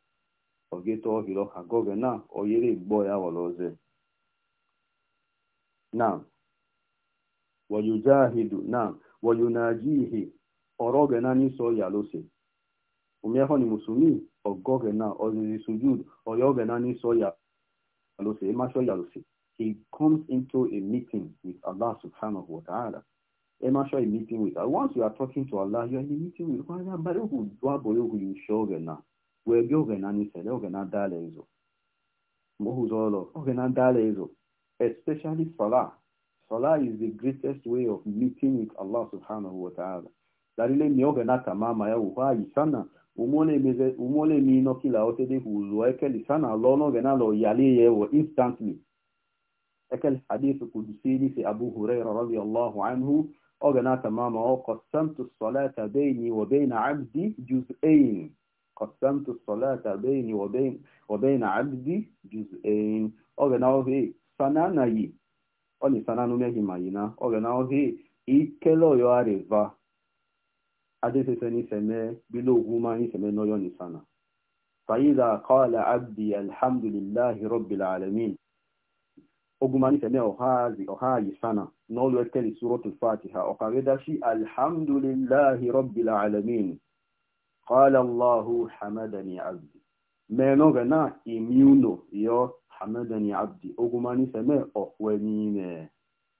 Oge to hilo ka goge na oyere igbo ya woloze. Naam. Wayujahidu na Wayunajihi. Oroge na ni so ya lose. Umieho ni musumi ogoge na ozizi sujud oyoge na nisoya yalosi emasho yalosi he comes into a meeting with Allah subhanahu wa ta'ala emasho a meeting with Allah once you are talking to Allah you are meeting with Allah bare hu dwa boyo hu yushoge na wege oge na nisele oge na dale izo mohuzolo oge na dale izo especially salah salah is the greatest way of meeting with Allah subhanahu wa ta'ala dalile mioge na tamama ya uhayi sana umole mi no kila ote de ekeli sana lono genalo yali yewo instantly ekel hadith qudsi fi abu hurairah radiyallahu anhu ogana tamama o qasamtu as-salata bayni wa bayna 'abdi juz'ayn qasamtu as-salata bayni wa bayn wa bayna 'abdi juz'ayn ogana o he sanana yi oni sananu mehi mayina ogana o he ikelo yo areva adéfẹ́fẹ́ ní sẹ̀mẹ́ bílógún máa ní sẹ̀mẹ́ lọ́yọ́ ní sànà fàyíza kọ́ọ̀lá abdi alhamdulillahi rabbil alamin ogun máa ní sẹ̀mẹ́ ọ̀há yìí sànà n'ọ́lọ́ ẹ̀kẹ́lì suratul fatiha ọ̀ká rẹ́dá sí alhamdulillahi rabbil alamin qala allahu hamadani abdi mẹ́ẹ̀nà rẹ̀ náà ìmúnò yọ hamadani abdi ogun máa ní sẹ̀mẹ́ ọ̀pọ̀ ẹni rẹ̀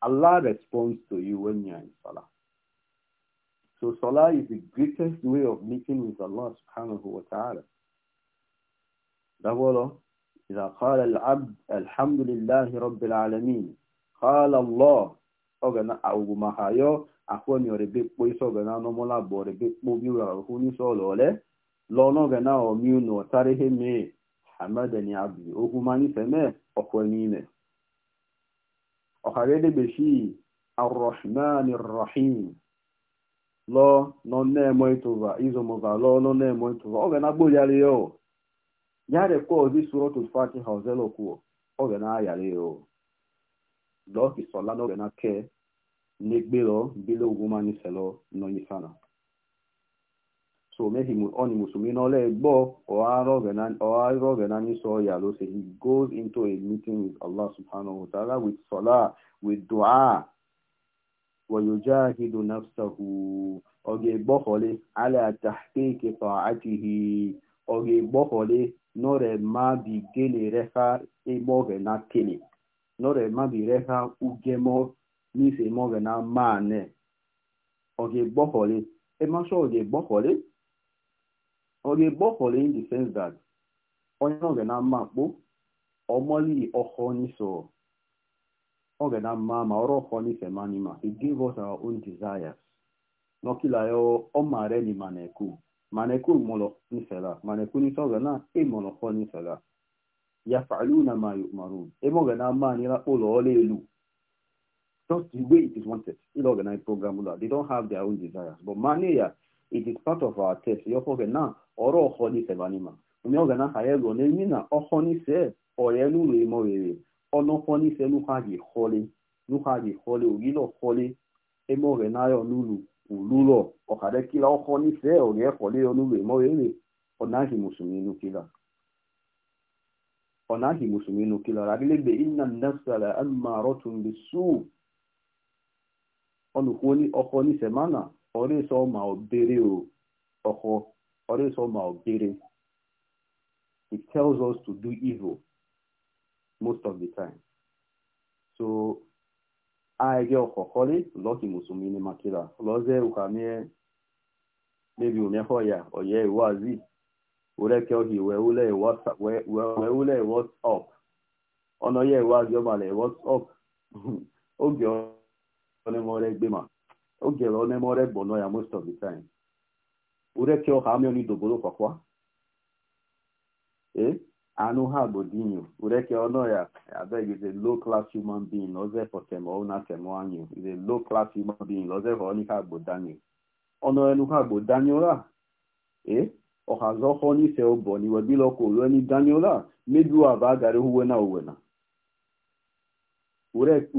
allah responds to you when you are in salah So salah is the greatest way of meeting with Allah subhanahu wa ta'ala. Dawala, إذا قال العبد الحمد لله رب العالمين قال الله أغنى أو ما هايو أخوان يربي بويس أغنى نمولا بوربي بوبي ورغوني سولولي لونو غنى أميو نوتاره مي حمدني عبدي أغماني سمي أخوانيني أخرين بشي الرحمن الرحيم lọ nọ na-eme ịtụva izomụva lọ nọ na-eme ịtụva ọ ga na-agbo yari o yari kwa ozi suro to fati ha ozelo kwuo ọ ga na-ayari o lọ kisola n'oge na ke n'egbelo bile ugwuma n'iselo n'onyisana so mehi oni musumi n'ọla egbo ọghara oge na n'iso ya lo say he goes into a meeting with allah subhanahu wa ta'ala with salah with dua ويجاهد نفسه أجي بخلي على تحقيق طاعته أجي بخلي نور ما بيجلي رخا إبوه ناكلي نور ما بيرخا أجمو نيسي موغ نا ماني أجي بخلي إما شو أجي بخلي أجي بخلي in the sense that أجي موغ نا ماني ọmọlì ọkọ ní sọ̀rọ̀ ogena mama oro khoni semani ma he gave us our own desires nokila yo omare oh, oh, ni maneku maneku molo ni sela maneku ni sogena e molo khoni sela yaf'aluna ma yu'marun e mogena mani la olo oh, elu. just the way it is wanted in organized program they don't have their own desires but mania it is part of our test yofogena oro khoni semani ma umi ogena hayego ne mina ohoni se oyelu le mo rere ọlọ́fọ́ nífẹ̀ẹ́ lúhàyè xọ́lé lúhàyè xọ́lé òyìnbó xọ́lé ẹmọ rẹ̀ náírà lulu òlúlọ̀ ọ̀kadẹ́ kíla ọkọ nífẹ̀ẹ́ ọ̀rẹ́ xọ́lé ọlúlu ẹmọ rẹ̀ rẹ̀ ọ̀nàhì mùsùlùmí nu kíla ọ̀nàhì mùsùlùmí nu kíla ràbílẹ̀gbẹ̀ iná nẹ́sàlẹ̀ ẹnmarọ́tún bí sùn ọkọ nífẹ̀ẹ́ mánà ọ̀rẹ́ sọ ma ọ̀bẹ̀rẹ̀ o ọkọ ọ̀rẹ́ sọ ma ọ̀bẹ̀rẹ̀ it tells us to do evil most of the time. So I aege okoholi loki musumini makila loze ukamie maybe umehoya oye wazi ureke ohi weule whatsapp we, weule whatsapp ono ye wazi omale whatsapp oge onemore gbema oge onemore bono ya most of the time ureke oha ame oni dobolo kwakwa eh anụ ha bụ dinu ureke ọnụ ya abeg is a low class human being ọzọ fọtem ọna tem anyụ is a low class human being ọzọ họ n'ihe bụ daniel ọnụ enu ha bụ daniel a ee ọhazọ họ n'ife ụbọ n'iwe bilọkọ olu enyi daniel a medu aba agara uwe na uwe na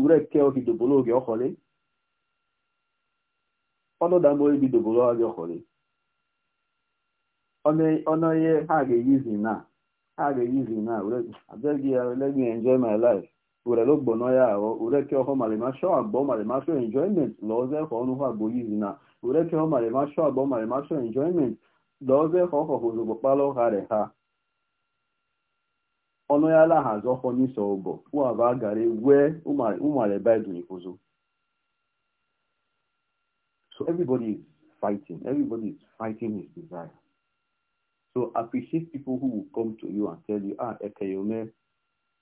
ureke ogidobolo oge ọhọle ọnụdamo ebidobolo oge ọhọle ọnụ ihe ha ga-eyizi na a ga-eyi izi na abịaghị ya me enjoy my life were logbono ya ahụ ureke ọhụ marimasho abụọ marimasho enjoyment ka ọnụ ha bụ na ureke marimasho marimasho enjoyment ka ọkọ kpalụ ha ọnụ ya n'iso ụbọ wee so everybody is So appreciate people who will come to you and tell you, ah, ekeyome,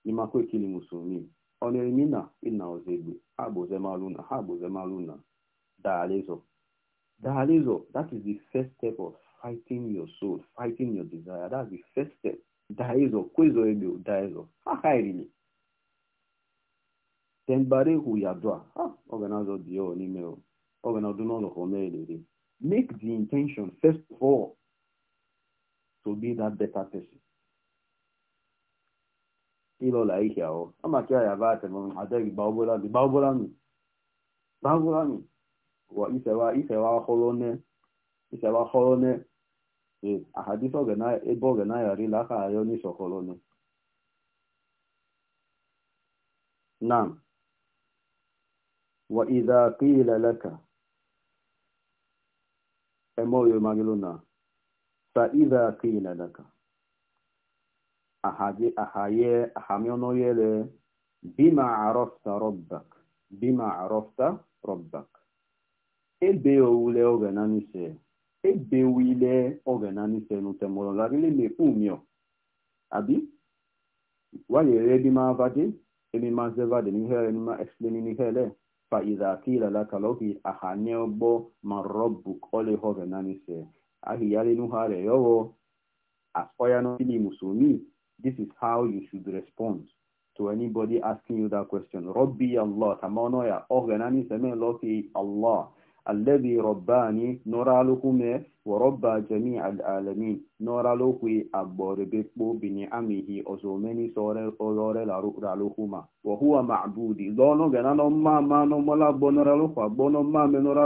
nimako ekili musumi. Onerimina ina ozegbe. Aboze maluna, aboze maluna. Daalezo. Daalezo, that is the first step of fighting your soul, fighting your desire. That is the first step. Daalezo, kwezo ebio, daalezo. Ha, ha, really. Tembare huyadwa. Ha, organize the yo, nimeo. Organize do not Make the intention, first of all, to be that better person. Ilo la ihe aho. Ama kia ya vate mwen adegi baobola mi. Baobola mi. Baobola mi. Wa isewa isewa holone. Isewa holone. E ahadiso gena ebo gena ya rilaka ayo ni so holone. Naam. Wa idha qila laka. Emoyo magiluna. فإذا قيل لك أحاجي أحايي أحامي بما عرفت ربك بما عرفت ربك ebe owule ogananise ebe wile ogananise nutemoro larile mefumio abi wayere bima vade emi mazevade nihere nima explaini nihele fa idha qila laka loki ahane ogbo man rabbuk ole hogananise ahìyálénúhà rẹ̀ yọ̀wọ̀ àfọyánú ilé mùsùlùmí this is how you should respond to anybody asking you that question rọ́bì allah tàmánọ́yà ọ̀gẹ̀nání sẹ́mẹ̀ lọ́kì allah alẹ́bí rọ̀báni nọ́ra lókùnmẹ́ wọ̀rọ̀bà jẹ́mí alẹ́mí nọ́ra lókùn àgbọ̀rẹ̀bẹ̀pọ̀ bìnní àmìhì ọ̀sọ̀mẹ́ni sọ̀rẹ́ ràlókùnmá wọ̀húwà màbúdì lọ́nà gẹ̀nánà máa máa nọ́mọ́lá gbọ́ nọ́ra lókùn àgbọ́nà máa mẹ́ nọ́ra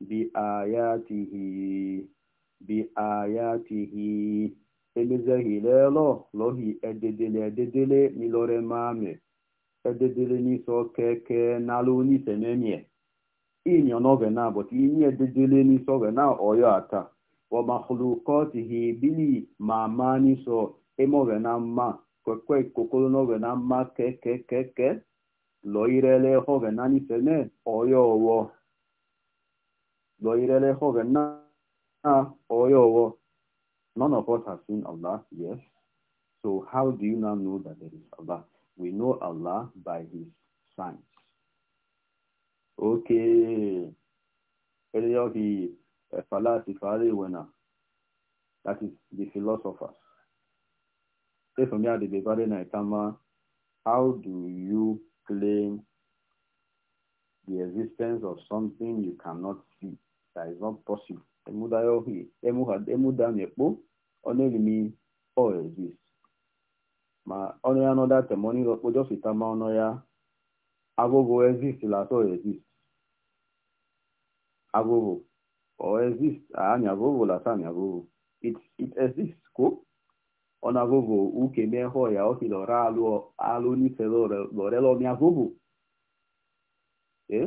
biayatihi biayatihi elezehilelo lohi ededele ededele nilore mame ededele n'iso keke nalu nisememie inyo n'oge na but inyi ededele n'iso oge na oyo ata wamakhlukotihi bili mama n'iso eme oge na mma kwekwe kokolo n'oge na mma kekekeke loirele oge na niseme oyo owo lo iré lejos de nada, none of us have seen Allah, yes. So how do you now know that there is Allah? We know Allah by his signs. Okay. Eh, that is the philosophers. Say from here, the how do you claim the existence of something you cannot see? that is not possible. Emudayohi, Emudamekpo, Onelimi, or exist. Ma only another testimony of Ojosita Maonoya, Agogo exist, Lato exist. Agogo, or exist, Anyagogo, Latanyagogo. It, it exists, ko? Onagogo, Uke Mehoya, Okilora, Alu, Alu, Nifelore, Lorelo, Miagogo. Eh?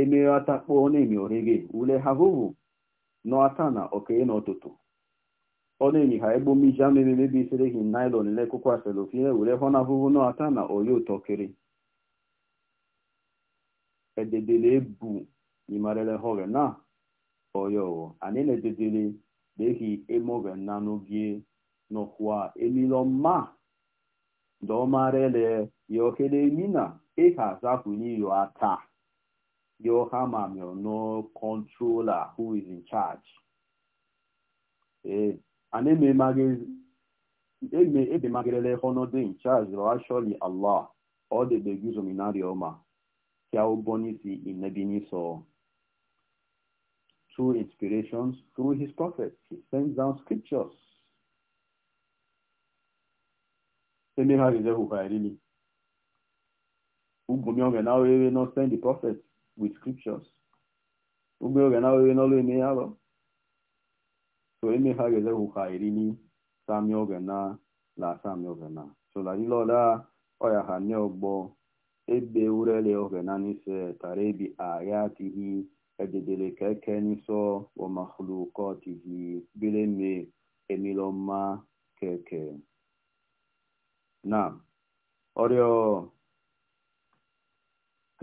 emeghata kpọọ na-eme orege ule ha hụhụ n'ọta na okeye n'ọtụtụ ọ na-emi ha egbo mmiji ama emebe isere hi naịlọn lekụkwa selofie were hụ na ahụhụ n'ọta na oyi ụtọkịrị ededele ebu imarele hore na oyowo anyị na ededele dehi emoge nanugie nọkwa emilo ma dọmarele yokele mina ịha zapụ n'iyo ata your hamam, your no controller who is in charge. Eh, and they may magazine they may be magelele honor they in charge or actually Allah or they be use minari oma. Kiao bonisi in so through inspirations, through his prophets. He sends down scriptures. Send me how is really. Ugumiong and now we will not send the prophets. with scriptures. Ugbe oge na oge n'ọlụ eme ya lọ. So eme ha geze hụha iri ni sami oge na la sami oge na. So la ile ọda ọya ha nye ọgbọ ebe urele oge na n'ise tara ebi agha tihi ededele keke n'iso wa makhluko tihi bile me emiloma keke. Na ọrịa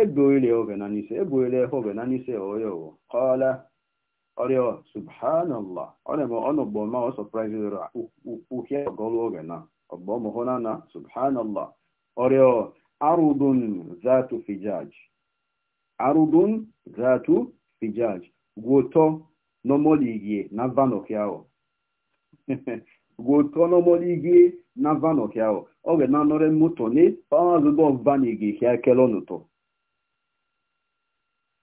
oge na nise ogenanise oyo qala ọrịọ subhanallah ọ na-eme ọnụgbọ ma ọ sọpraizira uhie ọgọlụ oge na ọgbọ mụhụna na subhanallah ọrịọ arudun zatu fijaj arụdun zatu fijaj gwụtọ nomoligie na vanokiao gwụtọ nomoligie na vanokiao oge na nọrọ moto ne ọnụ azụgbọ vanigi hịa kelonụtọ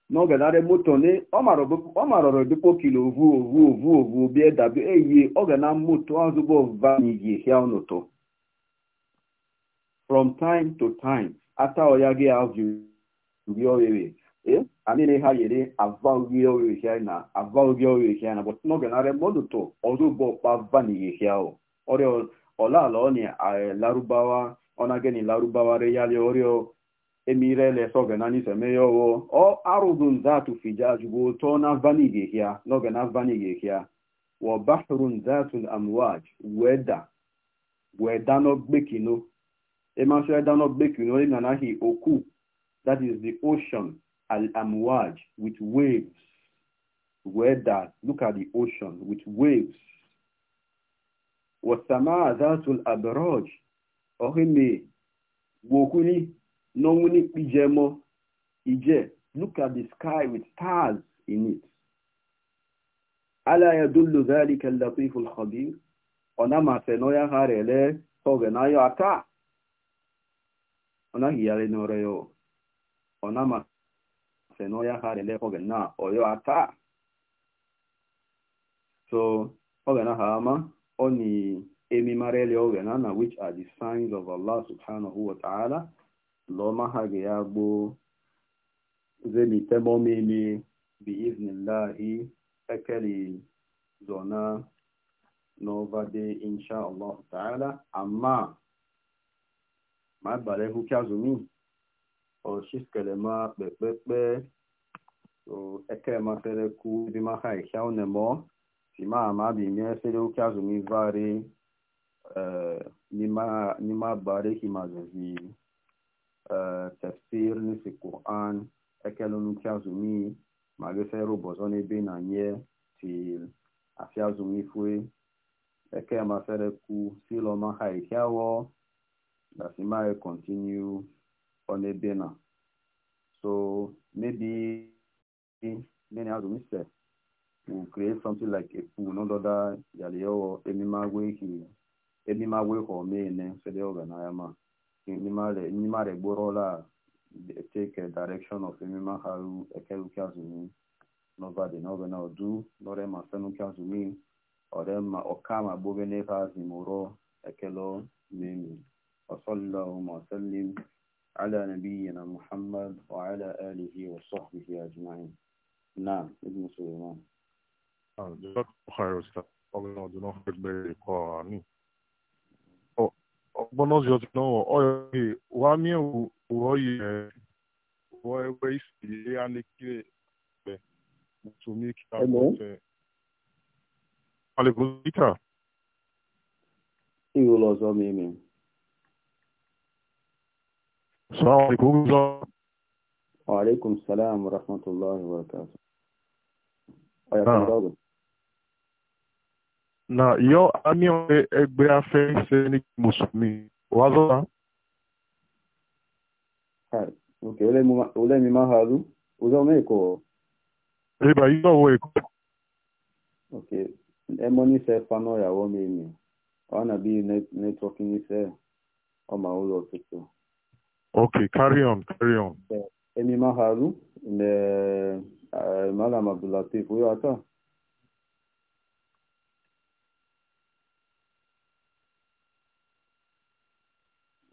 n'oge narị moto ne ọ marọrọ dukpokili ovu ovu ovu ovu bie dabi eyi ogena moto azụbo ovuva n'igi hia n'ụtọ from time to time ata ọya gị azụri ohere anịrị eh, ha yere avaghị ohere hia na avaghị ohere hia na n'oge narị moto ọzụbo ọkpava n'iyi hia ọrịa ọlaala ọ ni larubawa ọ na-agị ni larubawa reyali ọrịa emirele sogenani semeyowo o arudun zatu fijaju bo to na vanige hia noge na vanige hia wa bahrun zatu amwaj weda weda no gbekino e ma so weda no gbekino ni e nanahi oku that is the ocean al amwaj with waves weda look at the ocean with waves wa samaa zatu al abraj ohimi gbokuni Nomuni pijemo ije. Look at the sky with stars in it. Ala yadullu dhalika al-latifu al-khabir. Ona maseno ya harele toge na yo ata. Ona hiyale nore yo. Ona maseno ya harele toge na oyo ata. So, oge na hama oni emi marele oge na which are the signs of Allah subhanahu wa ta'ala lọma ha ga ya gboo zelitegbomili biiznillahi ekeli zona novade insha allah ta'ala amma ma bare hu kyazumi o shiskele ma pepepe so ekele ma fere ku bi ma ha isha onemo si ma ma bi nye fere hu kyazumi vari Uh, nima, nima bare himazazi Eh, tafsir n'isi quran ekelunu ti azumi ma gefere ụbọzọ n'ebe na nye til afi azumi fue eke mafere kwu siloma ha e ikiawo dasimae continue onebe na so maybe many azumi set will create something like a pool, not other Yaleo, Emimagwe, Emimagwe, or Mene, Fede Oganayama nyimare gborola take direction of emima haru ekeruki azumi nobody nobe na odu lore ma fenuki azumi ore ma okama bobe ne ka azimuro ekelo mimi وصلى اللهم وسلم على نبينا محمد وعلى آله وصحبه أجمعين نعم ابن سليمان جزاكم خير أستاذ الله يدنوك بالبركة آمين bonus o oye o uoye uoyewe isi ye anekire o mutumi kila mwote alekuzika iyo o mimi salamu alaikum wa alaikum salam wa rahmatullahi wa barakatuh ọyà kan dọgbọn na yo anyo egbe e, afe se ni musumi wazo ha okay ole mu ole mi mahalu uzo meko riba yo we okay emoni se pano ya wo mi mi ona bi networking ise o ma ulo tutu okay carry on carry on emi mahalu ne eh, malam abdulatif uyo ata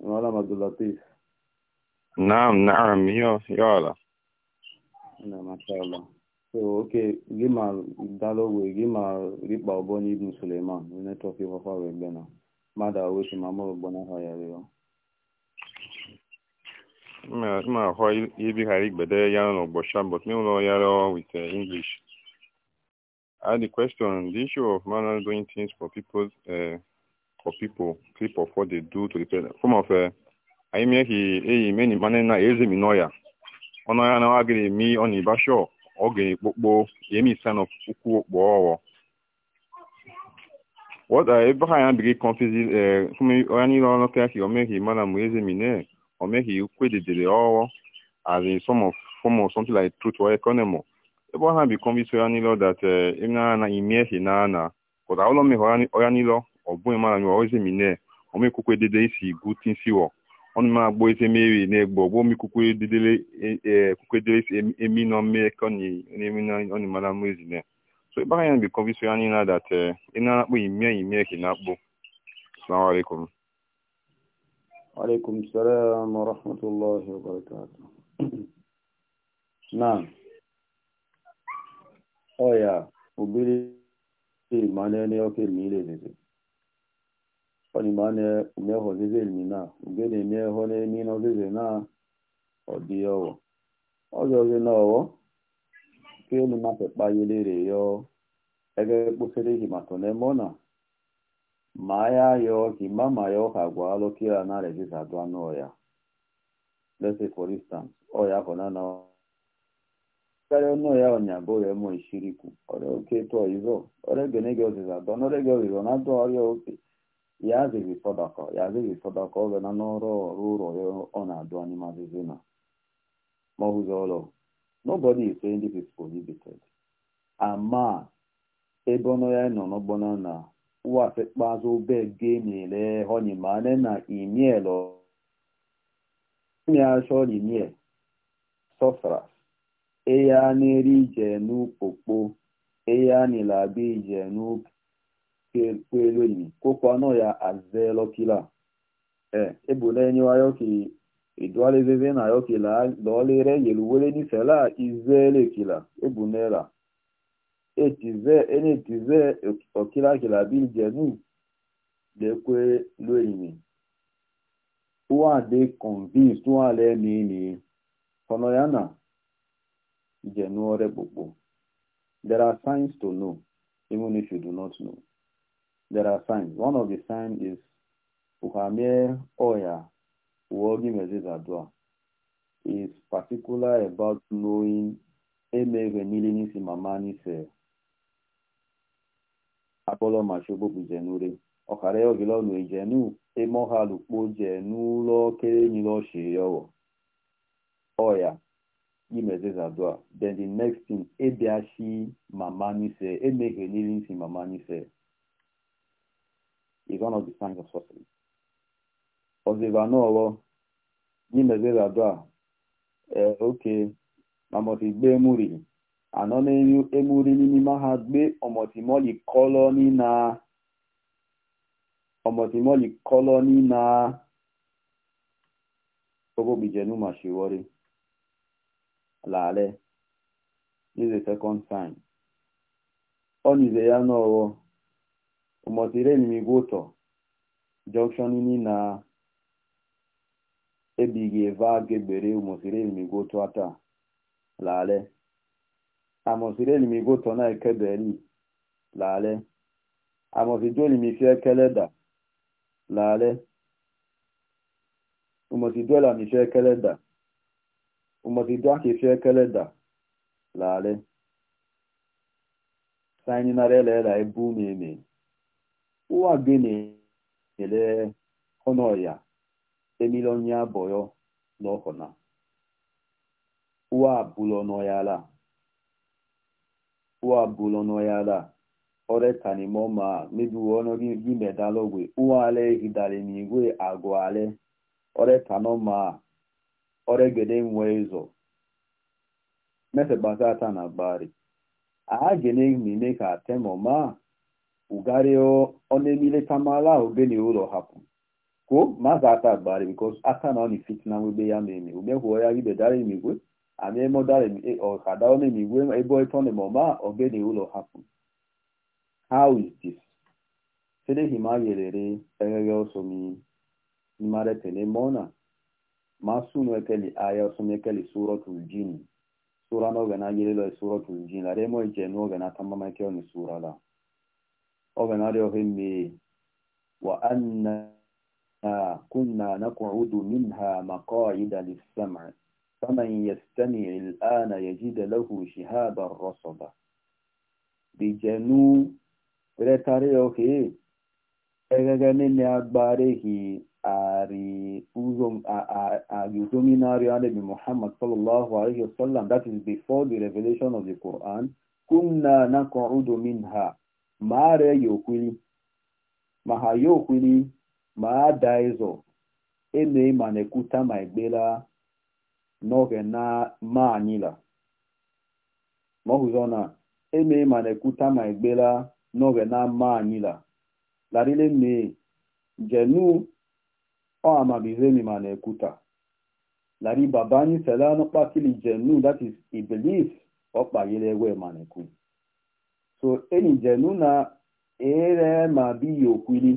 Malam Abdul Latif. na naam, Na, mashallah. So, okay, gima dalowe, gima ripa oboni ibn Suleiman, network ifafa wegbena. Mada weshi mama obona haya leo. Ma ho ibi harik bede yana no bosham, but me na yaro with uh, English. I had a question, the issue of manners doing things for people uh, for people people for they do to the president. Some of uh, I mean he eh many man na eze mi ya i ya na wa gere mi oni ba sure emi of uku What I ever I confused uh, he as in some of form of something like truth or economy. Ebe ha be na na ọbụghị mara nyụ ọwụzi mine omikukwe dede isi gutin siwọ ọnụ ma agbo eze meri na-egbo ọgbọ omikukwe dedele ekukwe e, dede isi emi nọ mmiri kọni n'emi na ọnụ mara mmezi ne so ịbara ya bikọ biso ya niile adate ị na-akpụ imie imie ka ị na-akpụ salamu alaikum alaikum salam wa rahmatullahi wa barakatuh ya obere ma na-enye ọkụ emi ile onimane umeho zeze elmina ugene meho ne mino zeze na odiowo ozoze nowo ke elima pe payelere yo ege na ya let's say for instance oya hona na karịa ọnụ ya ọnyabo ya mụ ọrịa oke tụọ ọrịa ọzịza ọrịa gị ọzịza na ọrịa oke ya zighi sọdakọ ya zighi sọdakọ na n'ọrụ ọrụ ụlọ ya ọ na-adụ anyị mazizi na maọbụzi ụlọ nobody is saying is prohibited ama ebe ọnụ ya nọ n'ọgbọnọ na ụwasị kpazụ obe ge ije n'ukpokpo eya kwelweni kokwano ya azelo kila eh ebule nyiwa yoki idwale veve na yoki la dolere yeluwele ni fela izele kila ebunela etize enetize okila kila bil jenu lekwe lweni wa de convince wa le ni ni kono yana jenu ore there are signs to know even if you do not know there are signs. One of the signs is Uhamir Oya Uogi is particular about knowing Emeve Nilinisi Mamani se Apollo Mashobo Buzenure Okare Ogilo Nuijenu Emoha Lupo Jenu Lo Kere Nilo Sheyowo Oya Imezizadua Then the next thing Ebiashi Mamani n'ise Emeve n'isi mama n'ise. is one of the signs of sorcery. Ọ̀zẹ̀gbà náà lọ ní mẹ̀zẹ̀rẹ̀ àdúrà ẹ̀ ókè màmọ̀tì gbé emúrì àná ní emúrì ní mímá ha gbé ọ̀mọ̀tìmọ́lì kọ́lọ́ nínà ọ̀mọ̀tìmọ́lì kọ́lọ́ nínà gbogbo ìjẹ̀nú mà ṣe wọrí làálẹ̀ is the second sign. Ọ̀nìzẹ̀ ya náà ụmụzire mmigwe ụtọ junction ni na ebighị eve agegbere ụmụzire mmigwe ata lale amụzire mmigwe na ekebeli lale amụzido limifi ekeleda lale ụmụzido lamifi ekeleda ụmụzido akifi ekeleda lale sanyi na rela ela ebu meme ụwa gị na-ele ọnọya emile onye abọyọ n'ọkọna ụwa abụlọ n'ọyala ụwa abụlọ n'ọyala ọretani mọma mebiwe ọnụ gị medalogwe ụwa ala ale hidare n'igwe agụ ale ọretanọma ọregede nwe ụzọ mefebata ata na gbari aha ga na-eme ka temọ temọma ugario onemile tamala obeni ụlọ hapụ kwuo maazị ata agbara bikos aka na ọ na-efiti na nwebe ya na-eme ugbe hụọ ya ibe dara emigwe ana eme dara ọkada e, ọ na igwe ebe ịtọ na ma obeni ụlọ hapụ how is this sedehi ma yerere eghere ọsọ mi nimare tene mona ma sunu ekeli aya ọsọ ekeli suratul jin sura na oge na yerelo suratul jin la remo ije na oge na tamama eke oni sura la وأن كنا نقعد منها مقاعد للسمع فمن يستمع الآن يجد له شهابا رصدا بجنو رتاريه أغاني أكباره أري أوزم ناري على محمد صلى الله عليه وسلم that is before the revelation of the Quran كنا نقعد منها ma rẹ yòókwiri ma ha yòókwiri ma da ịzọ ene ma na-ekwuta ma egbela n'oge na ma anyịla n'ọhụzọ na eme ma na-ekwuta ma na ma anyịla larile mme jenu ọ amabizemi ma na-ekwuta lari baba anyị selanu kpatili jenu that is ibelis ọ kpaghere egwe ma na so enijenu na ere ma bi okwili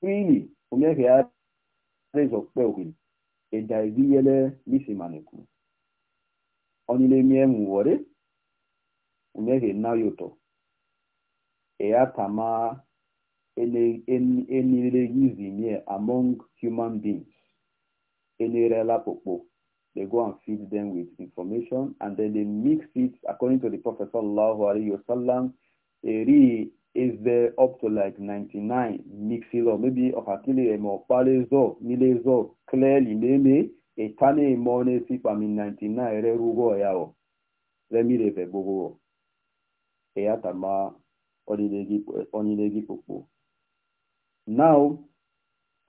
kwili omeke ya rezo pe okwili eja ibi yele lisi maneku onile mi emu wore omeke na yoto eya tama enire e, e gizi mie among human beings enire la popo They go and feed them with information and then they mix it according to the Prophet Sallallahu Alaihi Wasallam. Eri is there up to like 99 mixes or maybe of Akili Emo, Palezo, Milezo, clearly Neme, Etane pa mi 99, Rerugo Yao, Remireve Bogo, Eatama, Onilegi Popo. Now,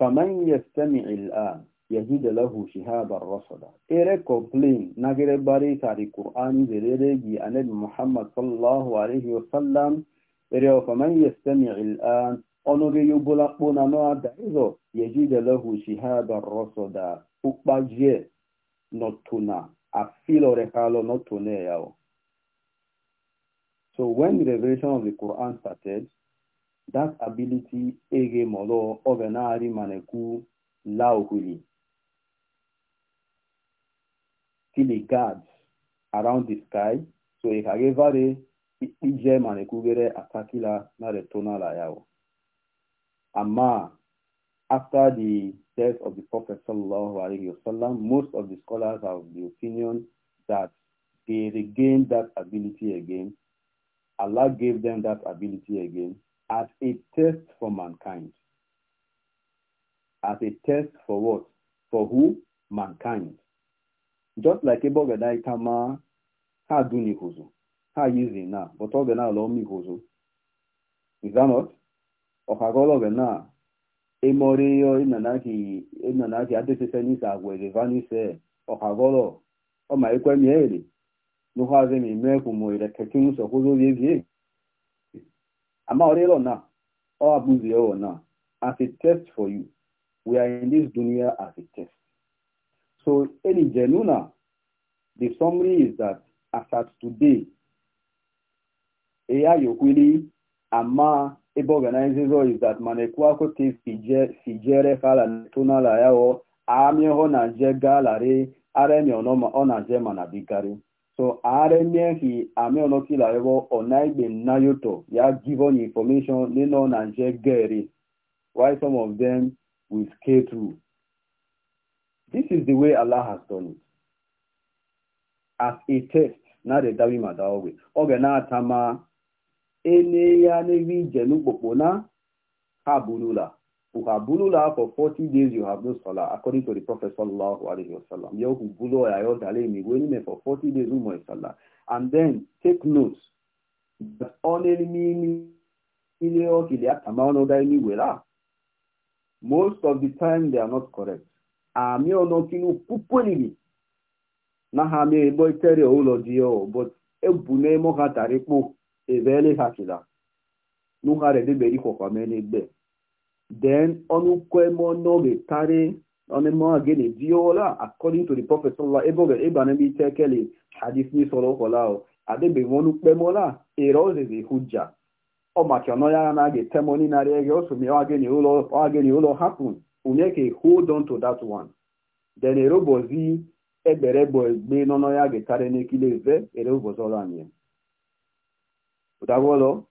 فمن يستمع الآن yazida lahu shihaban rasada ere complain nagere bari tari qur'ani zerere gi anabi muhammad sallallahu alaihi wasallam ere o faman yastami' al'an onoge yubula pona no adaizo yazida lahu shihaban rasada upaje notuna afilo rekalo notune yao so when the revelation of the quran started that ability ege molo ovenari maneku laukuli still a guard around the sky so ikagevare ije ma nekugere atakila na retonala yao amma after the death of the prophet wasallam most of the scholars have the opinion that they regained that ability again allah gave them that ability again as a test for mankind as a test for what for who mankind just like ebe ogada ikama ha dunihuzu ha yizi na but ogana ala omihuzu is that not ọkagola ogana emoriyo inanaki e inanaki e adesese nisa agwere vanise ọkagola ọma ekwemi eri nuhaze mi meku mo irekekin so kuzo vievie ama orilo na ọ abụzi ọ na as a test for you we are in this dunia as a test So any Genuna, the summary is that as at today, Eya Yokwili Ama ebe organizers is that manekwako te fijere kala netuna la yao amieho na je galare aremi onoma ona je manabigari. So aremi ki ame onoki la yao onaibe nayoto ya given information nino na je geri. Why some of them will skate through. This is the way Allah has done it. As a test, not a dawi madawi. Oge na atama ene ya nevi jenu popona habulula. Uhabulula for 40 days you have no salah, according to the Prophet sallallahu alaihi wasallam. Yoku bulo ya yo dale mi wenime for 40 days umo salah. And then take note that only me ile o kile atama no dai mi wela. Most of the time they are not correct. ami onokinu pupolini na ha mi ebo itere ụlọ di yo but ebu na emo ha tarikpo evele ha kila nu ha rede beri kwa me ne gbe then onu kwemo no be tare onu mo agene di ola according to the prophet na aga etemo narị ege o so mi uneke hold on to that one then erobozi egbere egbo egbe n'ọnụ ya getara n'ekile eve erobozi ọrụ anyị ụdagwọlọ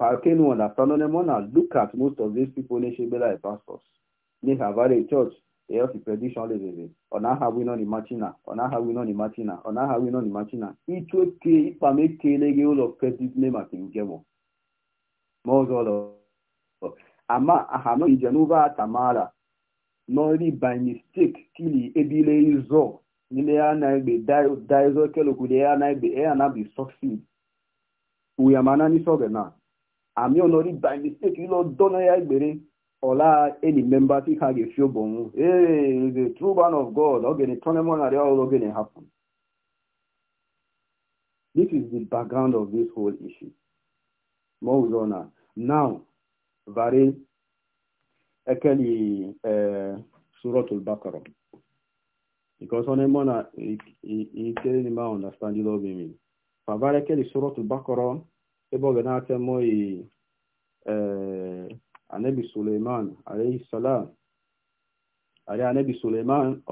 how can you understand on look at most of these people they should be like pastors they have church they have prediction level on how we know the machina on how we know ni machina on how we know the machina each week if i make a legal of president name at the game more ama ahano ijenuva tamara nọrị by mistake kili ebile izo nile ya e na egbe da kelokwude ya na egbe ya na be succeed uyamana ni ami na ami by mistake ilo dona ya egbere ola any memba ti ka ge fi obonwu hey the true man of god ogene tournament ọrụ all ogene happen this is the background of this whole issue more on now vary ekeli uh, suratul bakara because on emona ikele ni ma understand ilo bi mi favara ekeli suratul bakara ebo ga na temo i uh, anabi suleiman alayhi salam ari anabi suleiman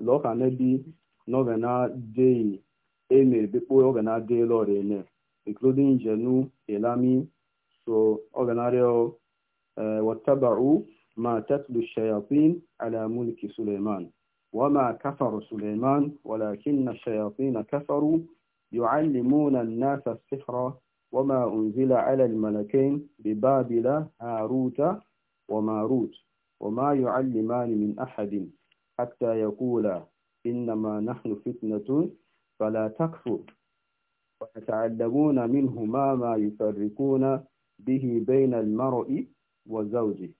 loka anabi noga na dey emir bipo oga na dey lore ne including jenu elami so oga na reo آه، واتبعوا ما تتلو الشياطين على ملك سليمان وما كفر سليمان ولكن الشياطين كفروا يعلمون الناس السحر وما أنزل على الملكين ببابل هاروت وماروت وما يعلمان من أحد حتى يقولا إنما نحن فتنة فلا تكفر ويتعلمون منهما ما يفرقون به بين المرء وزوجه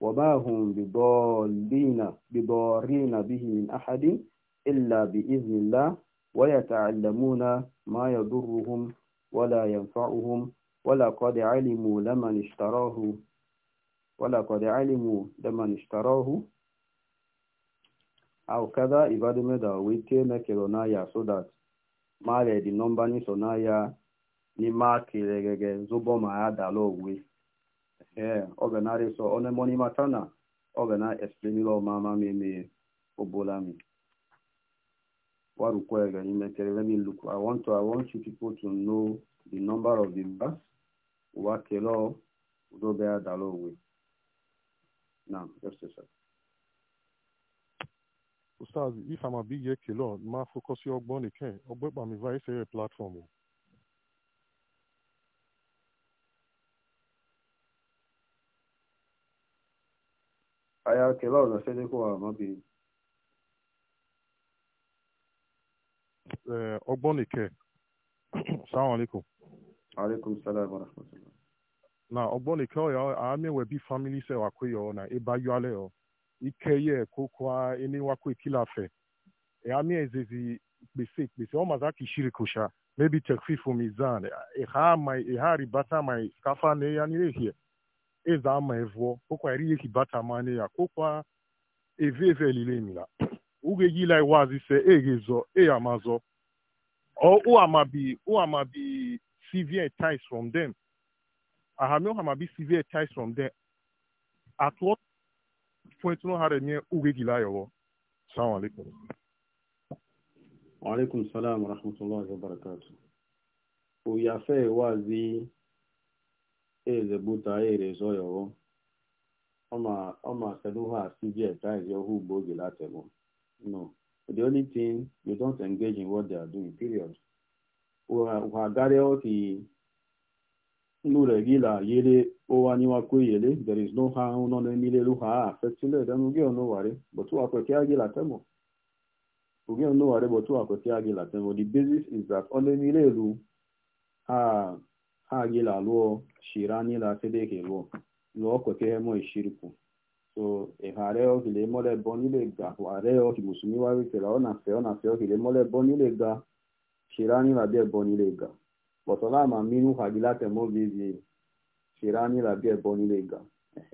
وما هم بضالين بضارين به من أحد إلا بإذن الله ويتعلمون ما يضرهم ولا ينفعهم ولقد علموا لمن اشتراه ولقد علموا لمن اشتراه أو كذا إبادة مدى ويتينا كيلونايا so that ما لدي نمبر نيسونايا ni máàkì rẹ̀ gẹ́gẹ́ zóbọ́ màá dà lọ́wọ́ ee ogana reso one moni matana ogana esprimilo mama mimi obolami warukwega nimetere let me look i want to i want you people to know the number of the bus ụwa kelo dalowe adala just a second Ustaz, if I'm a big year killer, my focus your bonnet, I'll break my platform. aya ọzọ ọgbọnike ọgbọnike ọya ahami webi family se wakwe yọ na ịba yuale yo ike ye a eni wakwe kilafe e ami ezezi gbese ọ ọma za shiri shirikosha maybe tekfifu mizan ha mai ha ribata mai skafa na ya nire here eza ama evuo kokwa eri yeki bata mane ya kokwa eve eve lile mila uge yila iwazi se egezo e amazo o u amabi u amabi severe ties from them ahami o amabi severe ties from them at what point no hare nye uge gila yowo salamu alaikum wa alaikum salam wa rahmatullahi wa barakatuh uyafẹ́ ìwádìí eze gbuta ere zọyọwo ọma kedu ha cvs that is your who no the only thing you don't engage in what they are doing period uhagarịa ọti nuregila yele owaniwakweyele there is no ha nọ n'emilelu ha afetile then no onowari but uakweke agi latemo ugi onowari but uakweke agi latemo the basis is that ah ha gila luo shirani la sedeke luo luo kwekere mo ishiriku e so ehareo kile mole boni le ga wareo ki musumi wa wikela ona feo na feo kile mole boni le ga shirani la bie boni le ga botola ma minu ha gila te mo vivi shirani la bie boni le ga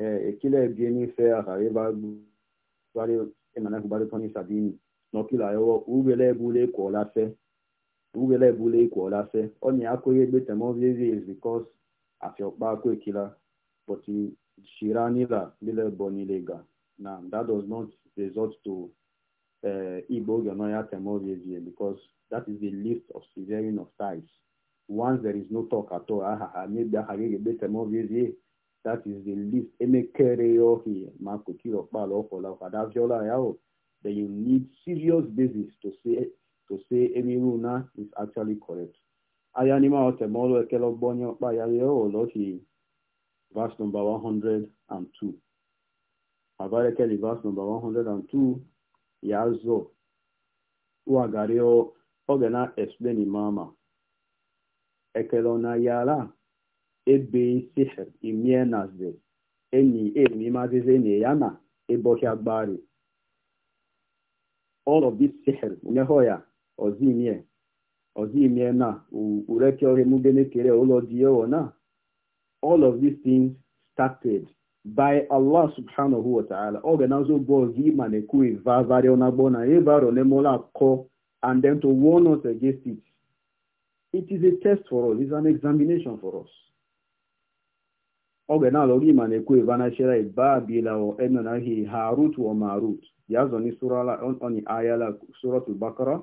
ehe ekile e bieni fea ha eva gbare emana e kubare toni sabini nokila yo ubele bule kola fe ugele bule ikwuola se onye akụghị egbe temovivis bikos afiọkpa akwekila but shiranila lile ga na that does not result to eh, igbo oge noya temovivie eh, because that is the list of severing of ties once there is no talk at all ahaha maybe ahaghị egbe temovivie eh. that is the list emekereghị ohi ma akụkiri ọkpala ọkwọla viola ya then you need serious basis to say to say any runa is actually correct. Aya nima o temolo ekelo bonyo pa ya yo lohi verse number 102. Habare keli verse number 102 yazo wagario ogena explain mama ekelo na ala ebe sihr imienazde eni emi mazize ne yana ebohi agbari all of this sihr ya. ozimie ozimie na ureke ohemugenekere ụlọ dị ewo na all of these things started by Allah subhanahu wa ta'ala oge na zobo ozi ma na-ekwu ivavari e ọnagbo na ivaro e nemola akọ and then to warn us against it it is a test for us is an examination for us oge na-alọrọ ịma na-ekwu eva na shera iba abila o eno na hi harut wa ya zọ ni surala on ayala suratul bakara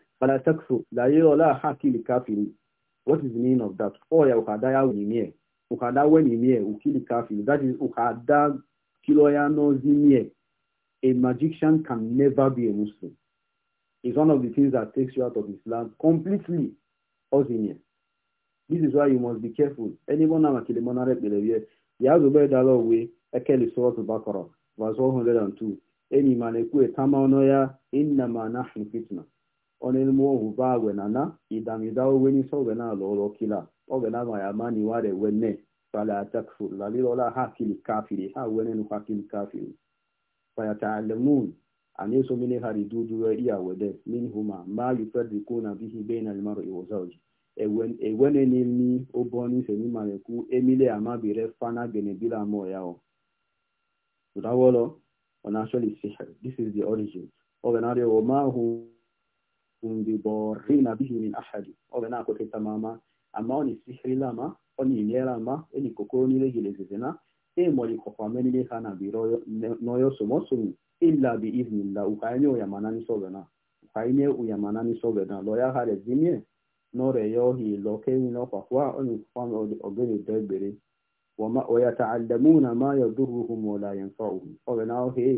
fala takfu la yola haki likafiri what is the meaning of that oya oh, ukada ya wenimie ukada wenimie ukili kafiri that is ukada kilo ya nozimie a magician can never be a muslim is one of the things that takes you out of islam completely ozimie oh, this is why you must be careful anyone ama kilimonare pelevie ya zobe dala owe ekeli surat to bakoro verse 102 eni manekwe tama ono ya innama nahnu fitna onelmo ohuba agwenana idamida owenisa ogena alolo kila ogena mayama niware wenne fala takfur lalilola hakili kafiri ha wenenu ha kafiri fayataallamun ha mine hari ha iya wede minhuma ma yufarrikuna bihi baina almar'i wa zawji eweneni ni oboni seni maneku emile amabire fana this is the origin ma mgbe bọrị na bihi min ahadi ọ bụ na-akụkịta m ama ama ọ na-esihirila ama ọ na-enyela ama enyi kokoro nile hilezeze na emolikọkwa menile ha na biro noyo somosomi illa bi iznillah ukaine uyamanani na ukaine uyamanani sobena loya hare zimie n'ọrịa ohi lokeni n'ọkwakwa onye kwa ogene degbere ويتعلمون ما يضرهم ولا ينفعهم أو ناوهي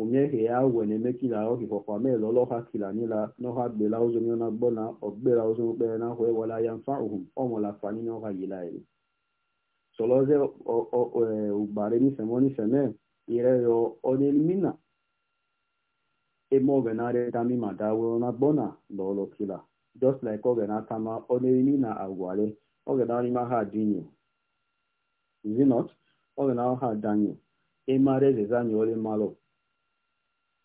omiehe ya we na-emekila ahụghị fọkwa mel ọlọha kilanila n'ọha gbela ụzọ na gbọ na ọgbela ụzọ okpere na ahụ ewela ya mfa ohum ọmụla fani n'ọha yilaili sọlọze e, ugbare nifemoniseme ireyo ọnelmina emoge na redami ma dawero na gbọ na kila just like oge na atama ọnelmina agwale oge na anima ha dinyo is it not oge na ha danyo emarezezanyo ole malọ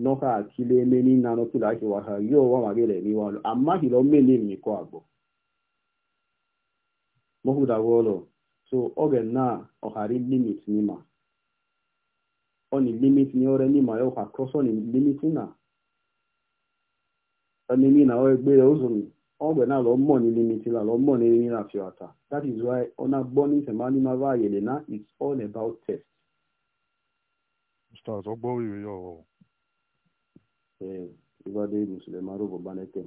noka akile meni nano kila ki waha yo wa magele ni walo amma hilo meni ni ko agbo mohu da wolo so ogen na ohari limit ni ma oni limit ni ore ni ma yo ka cross oni limit na ani mi na o gbere ozo mi ogbe na lo mo ni limit la lo mo ni ni na fi ata that is why ona boni se mani ma va yele na it's all about test Ustaz, ogbo wiwe yo. ee ibade musulman robo banete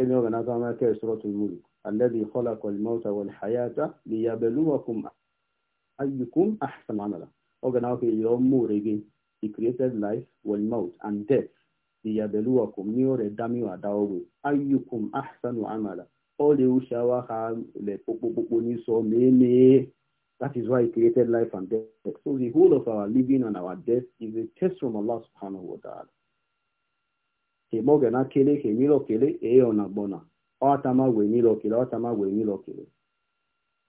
eni oga naka ma ke suratul mulk alladhi khalaqa al-mauta wal hayata liyabluwakum ayyukum ahsanu amala oga naka yo murege he created life wal maut and death liyabluwakum ni dami wa dawo ayyukum ahsanu amala ole ushawa ha le popopopo ni so meme That is why he created life and death. So the whole of our living and our death is a test from Allah subhanahu wa ta'ala. kegboge na kele kewile okele ee ọ na-agbọ na ọtama wee nyere okele ọtama wee nyere okele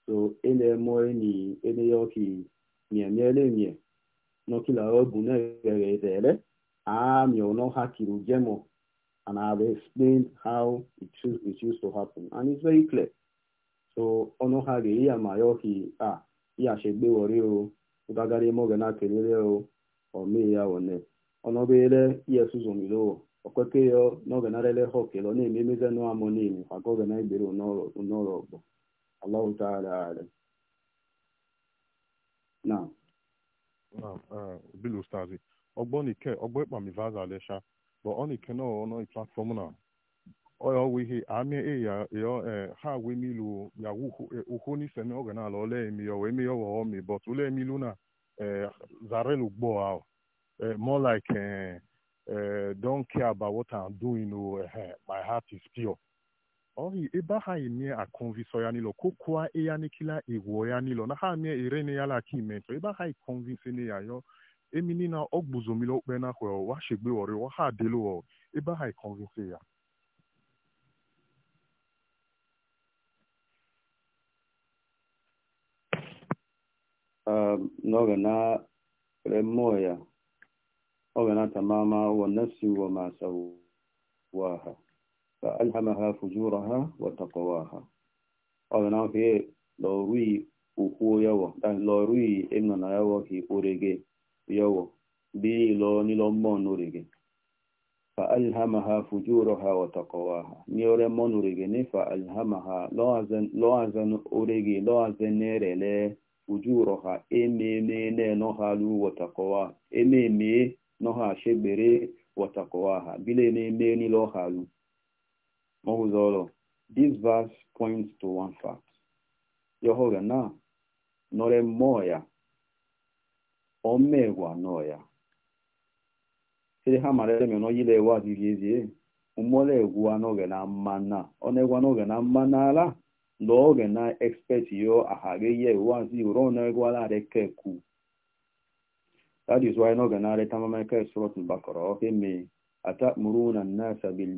so ena-emo eni eneye ọki miemiele mie n'okila ọbụ na-eghere ezere amịọnọ ha kiri jemo and I have explained how it, it used to happen and it's very clear so ọnụ ha ga-eyi ama ya ọki a ya chegbewori o ụgagara eme oge na-akelere o omee ya one ọnọbele ya esuzomiloo okwekeyo n'ogenarele ha okele ọ na-eme emezi nụ amụ niile kwa ka oge na-egbere n'ụlọ ọgbọ allahu taala ala na eh, bil ustazi ọgbọ nike ọgbọ ịkpa mi vaza lesha bụ ọ nike na ọ nọghị platfọm na ọya ọwụ ihe amị eya eh, ha wee milu ya ukwu eh, n'ise na oge na-ala ole emi ya wee mi ọghọm wọọ mi but ole emilu na zarelu gbọọ ahụ more like uh, don't care about what I'm doing. Oh, uh, my heart is pure. Ohi ebe ha emie akọnvisọ ya nilo kokwa ịyanikila nikila ya nilo na ha emie irene ya laki imento ebe ha ikọnvinsi ne ya yo emini na ogbuzomila okpe na hwe wa segbe ọrịa wa ha delo wo oh, ebe ha ikọnvinsi ya um, n'oge na remoya أغنى تماما والنفس وما سواها فألهمها فجورها وتقواها أغنى في لوري أخو يوى لوري إمنا يوى في أوريجي يوى بي لو نلومون أوريجي فألهمها فجورها وتقواها نيوري مون أوريجي فألهمها لوازن أوريجي لوازن نيري لي فجورها إمي مي نينو هالو وتقواها إمي مي n'ọha achegbere wọtakọwaha bile na-eme niile ọhalu ọhụzọrọ this verse points to one fact yohoga na nọrọ mmụọ ya omegwa nọ ya sịrị ha mara eme n'oyile ewe adịghị ezie ụmụọla egwu anọghị na mma na ọ na-egwu anọghị na mma n'ala lọọ oge na expert yo ahagị ya ewe azị ụrọ na-egwu ala That is why not gonna tamamaka surat al-Baqarah himi atamuruna an-nasa bil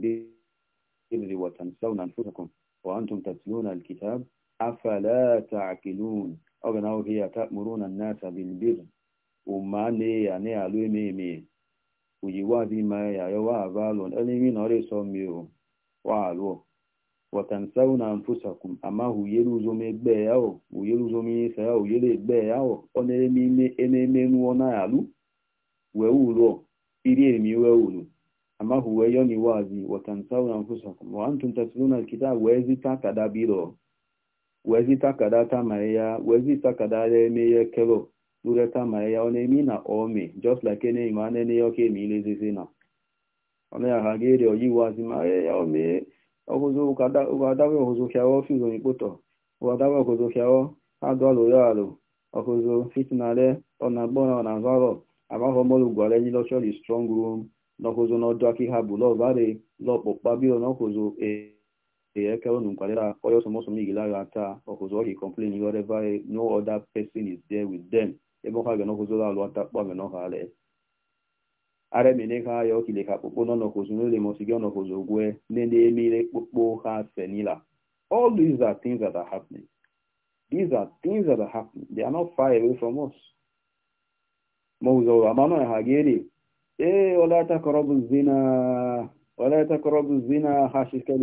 birri wa tansawna anfusakum wa antum tatluna al-kitab afala ta'qilun ogana o hiya atamuruna an-nasa bil birri umane ane aluememe uyiwa bi ma ya yo wa balon elimi na re so mi o wa alu watansau watansauna anfusakum ama huyele uzome egbe yao huyele uzome isa yao huyele egbe yao onelemi enemenu onayalu weulo iriemi weulu ama huweyoni wazi watansau watansauna anfusakum waantum tatluna alkitab wezitaka dabiro wezitaka datamaeya wezitaka daremeye kelo luretamaeya onemi na ome just like zina enemi aneneyokemi ilezizina oneyahageere oyiwazi maeya eh, ome ọkụzụ ụkadawe ọkụzụ hịawa fizo ikpoto ụkadawe ọkụzụ hịawa adụalụ ya alụ ọkụzụ fitinale ọnagbọna ọnazarọ agbahọmọlụ gwara enyi lọchọli strong room n'ọkụzụ n'ọdụ aki ha bụ lọvare lọkpụkpa biro n'ọkụzụ eeke ọnụ mkparịra ọyọ sọmọsọm igilaghị ata ọkụzụ ọhi complain whatever no other person is there with them ebe ọha ga n'ọkụzụ alụ atakpọ ga n'ọha alụ aremile ha ya okile ka kpokpo nọ n'okozu n'ole ma osi ọnọkozu ogwe na-emere kpokpo ha fenila all these are things that are happening these are things that are happening they are not far away from us ma ụzọ amanọ e ha ga-eri ee eh, ọlata kọrọbụ zina ọlata kọrọbụ zina ha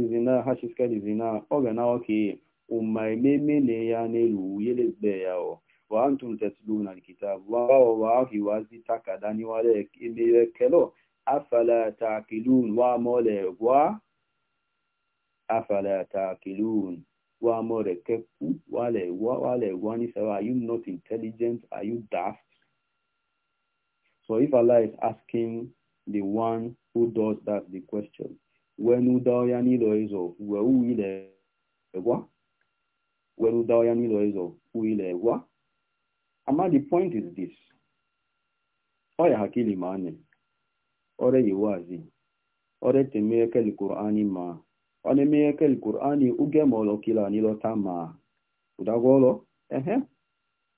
zina ha zina ọ ga na ọka ụma ememe na ya n'elu yelezbe ya ọ وأنتم تتلون الكتاب وواه وازي تكاداني ولك إمي كلو أفلا تعقلون ومولي وا أفلا تعقلون ومولي ولي ولي واني سوا are you not intelligent are you daft so if Allah is asking the one who does that the question when udaya nilo izo weu ile egwa when udaya nilo izo u ile egwa Ama the point is this. Oya hakili maane. Ore ọrịa Ore temeke anyị ma. anyị uge ma ugemolo kila nilota ma. Udagolo? Ehe.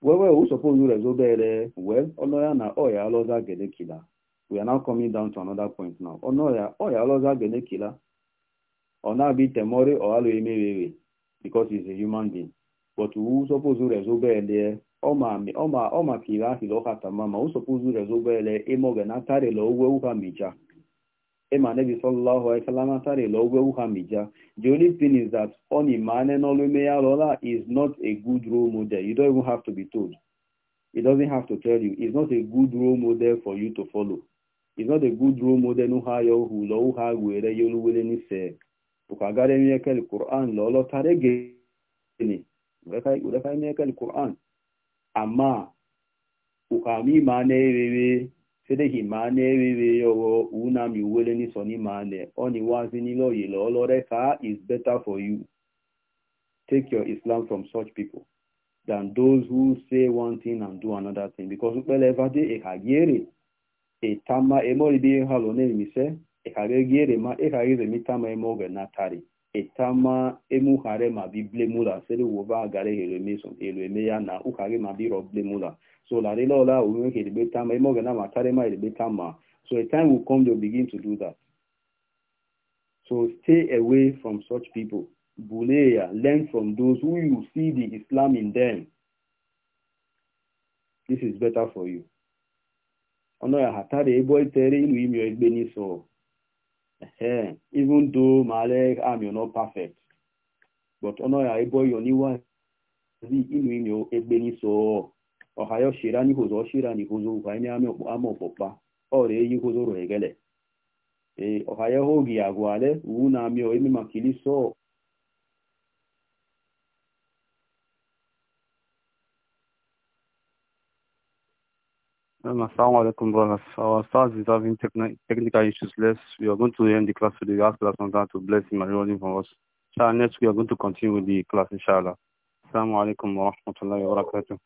Wewe usopo yure zobere. Well, onoya na oya aloza gede kila. We are now coming down to another point now. Onoya, oya aloza gede kila. Ona bi temori o alo emewewe. Because is a human being. but usopozu rezobele ọmakiri ahịrị ọkata mama usopozu rezobele imoge natarịla ogwe ụha mija ema nebi sallallahu alaihi wasallam natarịla ogwe ụha mija the only thing is that onimane n'olumeyarola is not a good role model you don't even have to be told it doesn't have to tell you it's not a good role model for you to follow it's not a good role model n'ụha ya ohụlọ ụha were ya oluwere n'ise ụka gara enyekele quran lọlọtara gịnị urefa ne kan Qur'an amma ukami ma ne wewe sedehi ma ne wewe yo una mi wele ni soni ma ne oni wazi ni lo ye lo lo is better for you take your Islam from such people than those who say one thing and do another thing because upele evade e hagere e tama e mori bi halo ne mi se e hagere ma e hagere mi tama e moge etama emuhare ma bi blemula sele wo ba gare hele me son ele me ya na ukare ma bi ro la so la re lola we he de tama emo gana ma tare ma de tama so a time will come they'll begin to do that so stay away from such people buleya learn from those who you see the islam in them this is better for you ono ya hatare ebo itere ilu imi egbe ni so Hey, even though my leg arm you're not perfect, but ono ya ebo yo wa zi inu inu egbe so o ya ọshira ni hozo ọshira ni hozo ụkwa ime amị ọkpụ ama ọkpụkpa ọrịa eyi hozo egele ee ọha ya hogi agwale uwu na amị o eme maka ili so Assalamu alaikum, brothers. Our stars is having techni technical issues. Less we are going to end the class today. We ask Allah sometimes to bless him and reward from us. Inshallah, next we are going to continue with the class, inshallah. Assalamu alaikum wa rahmatullahi wa barakatuh.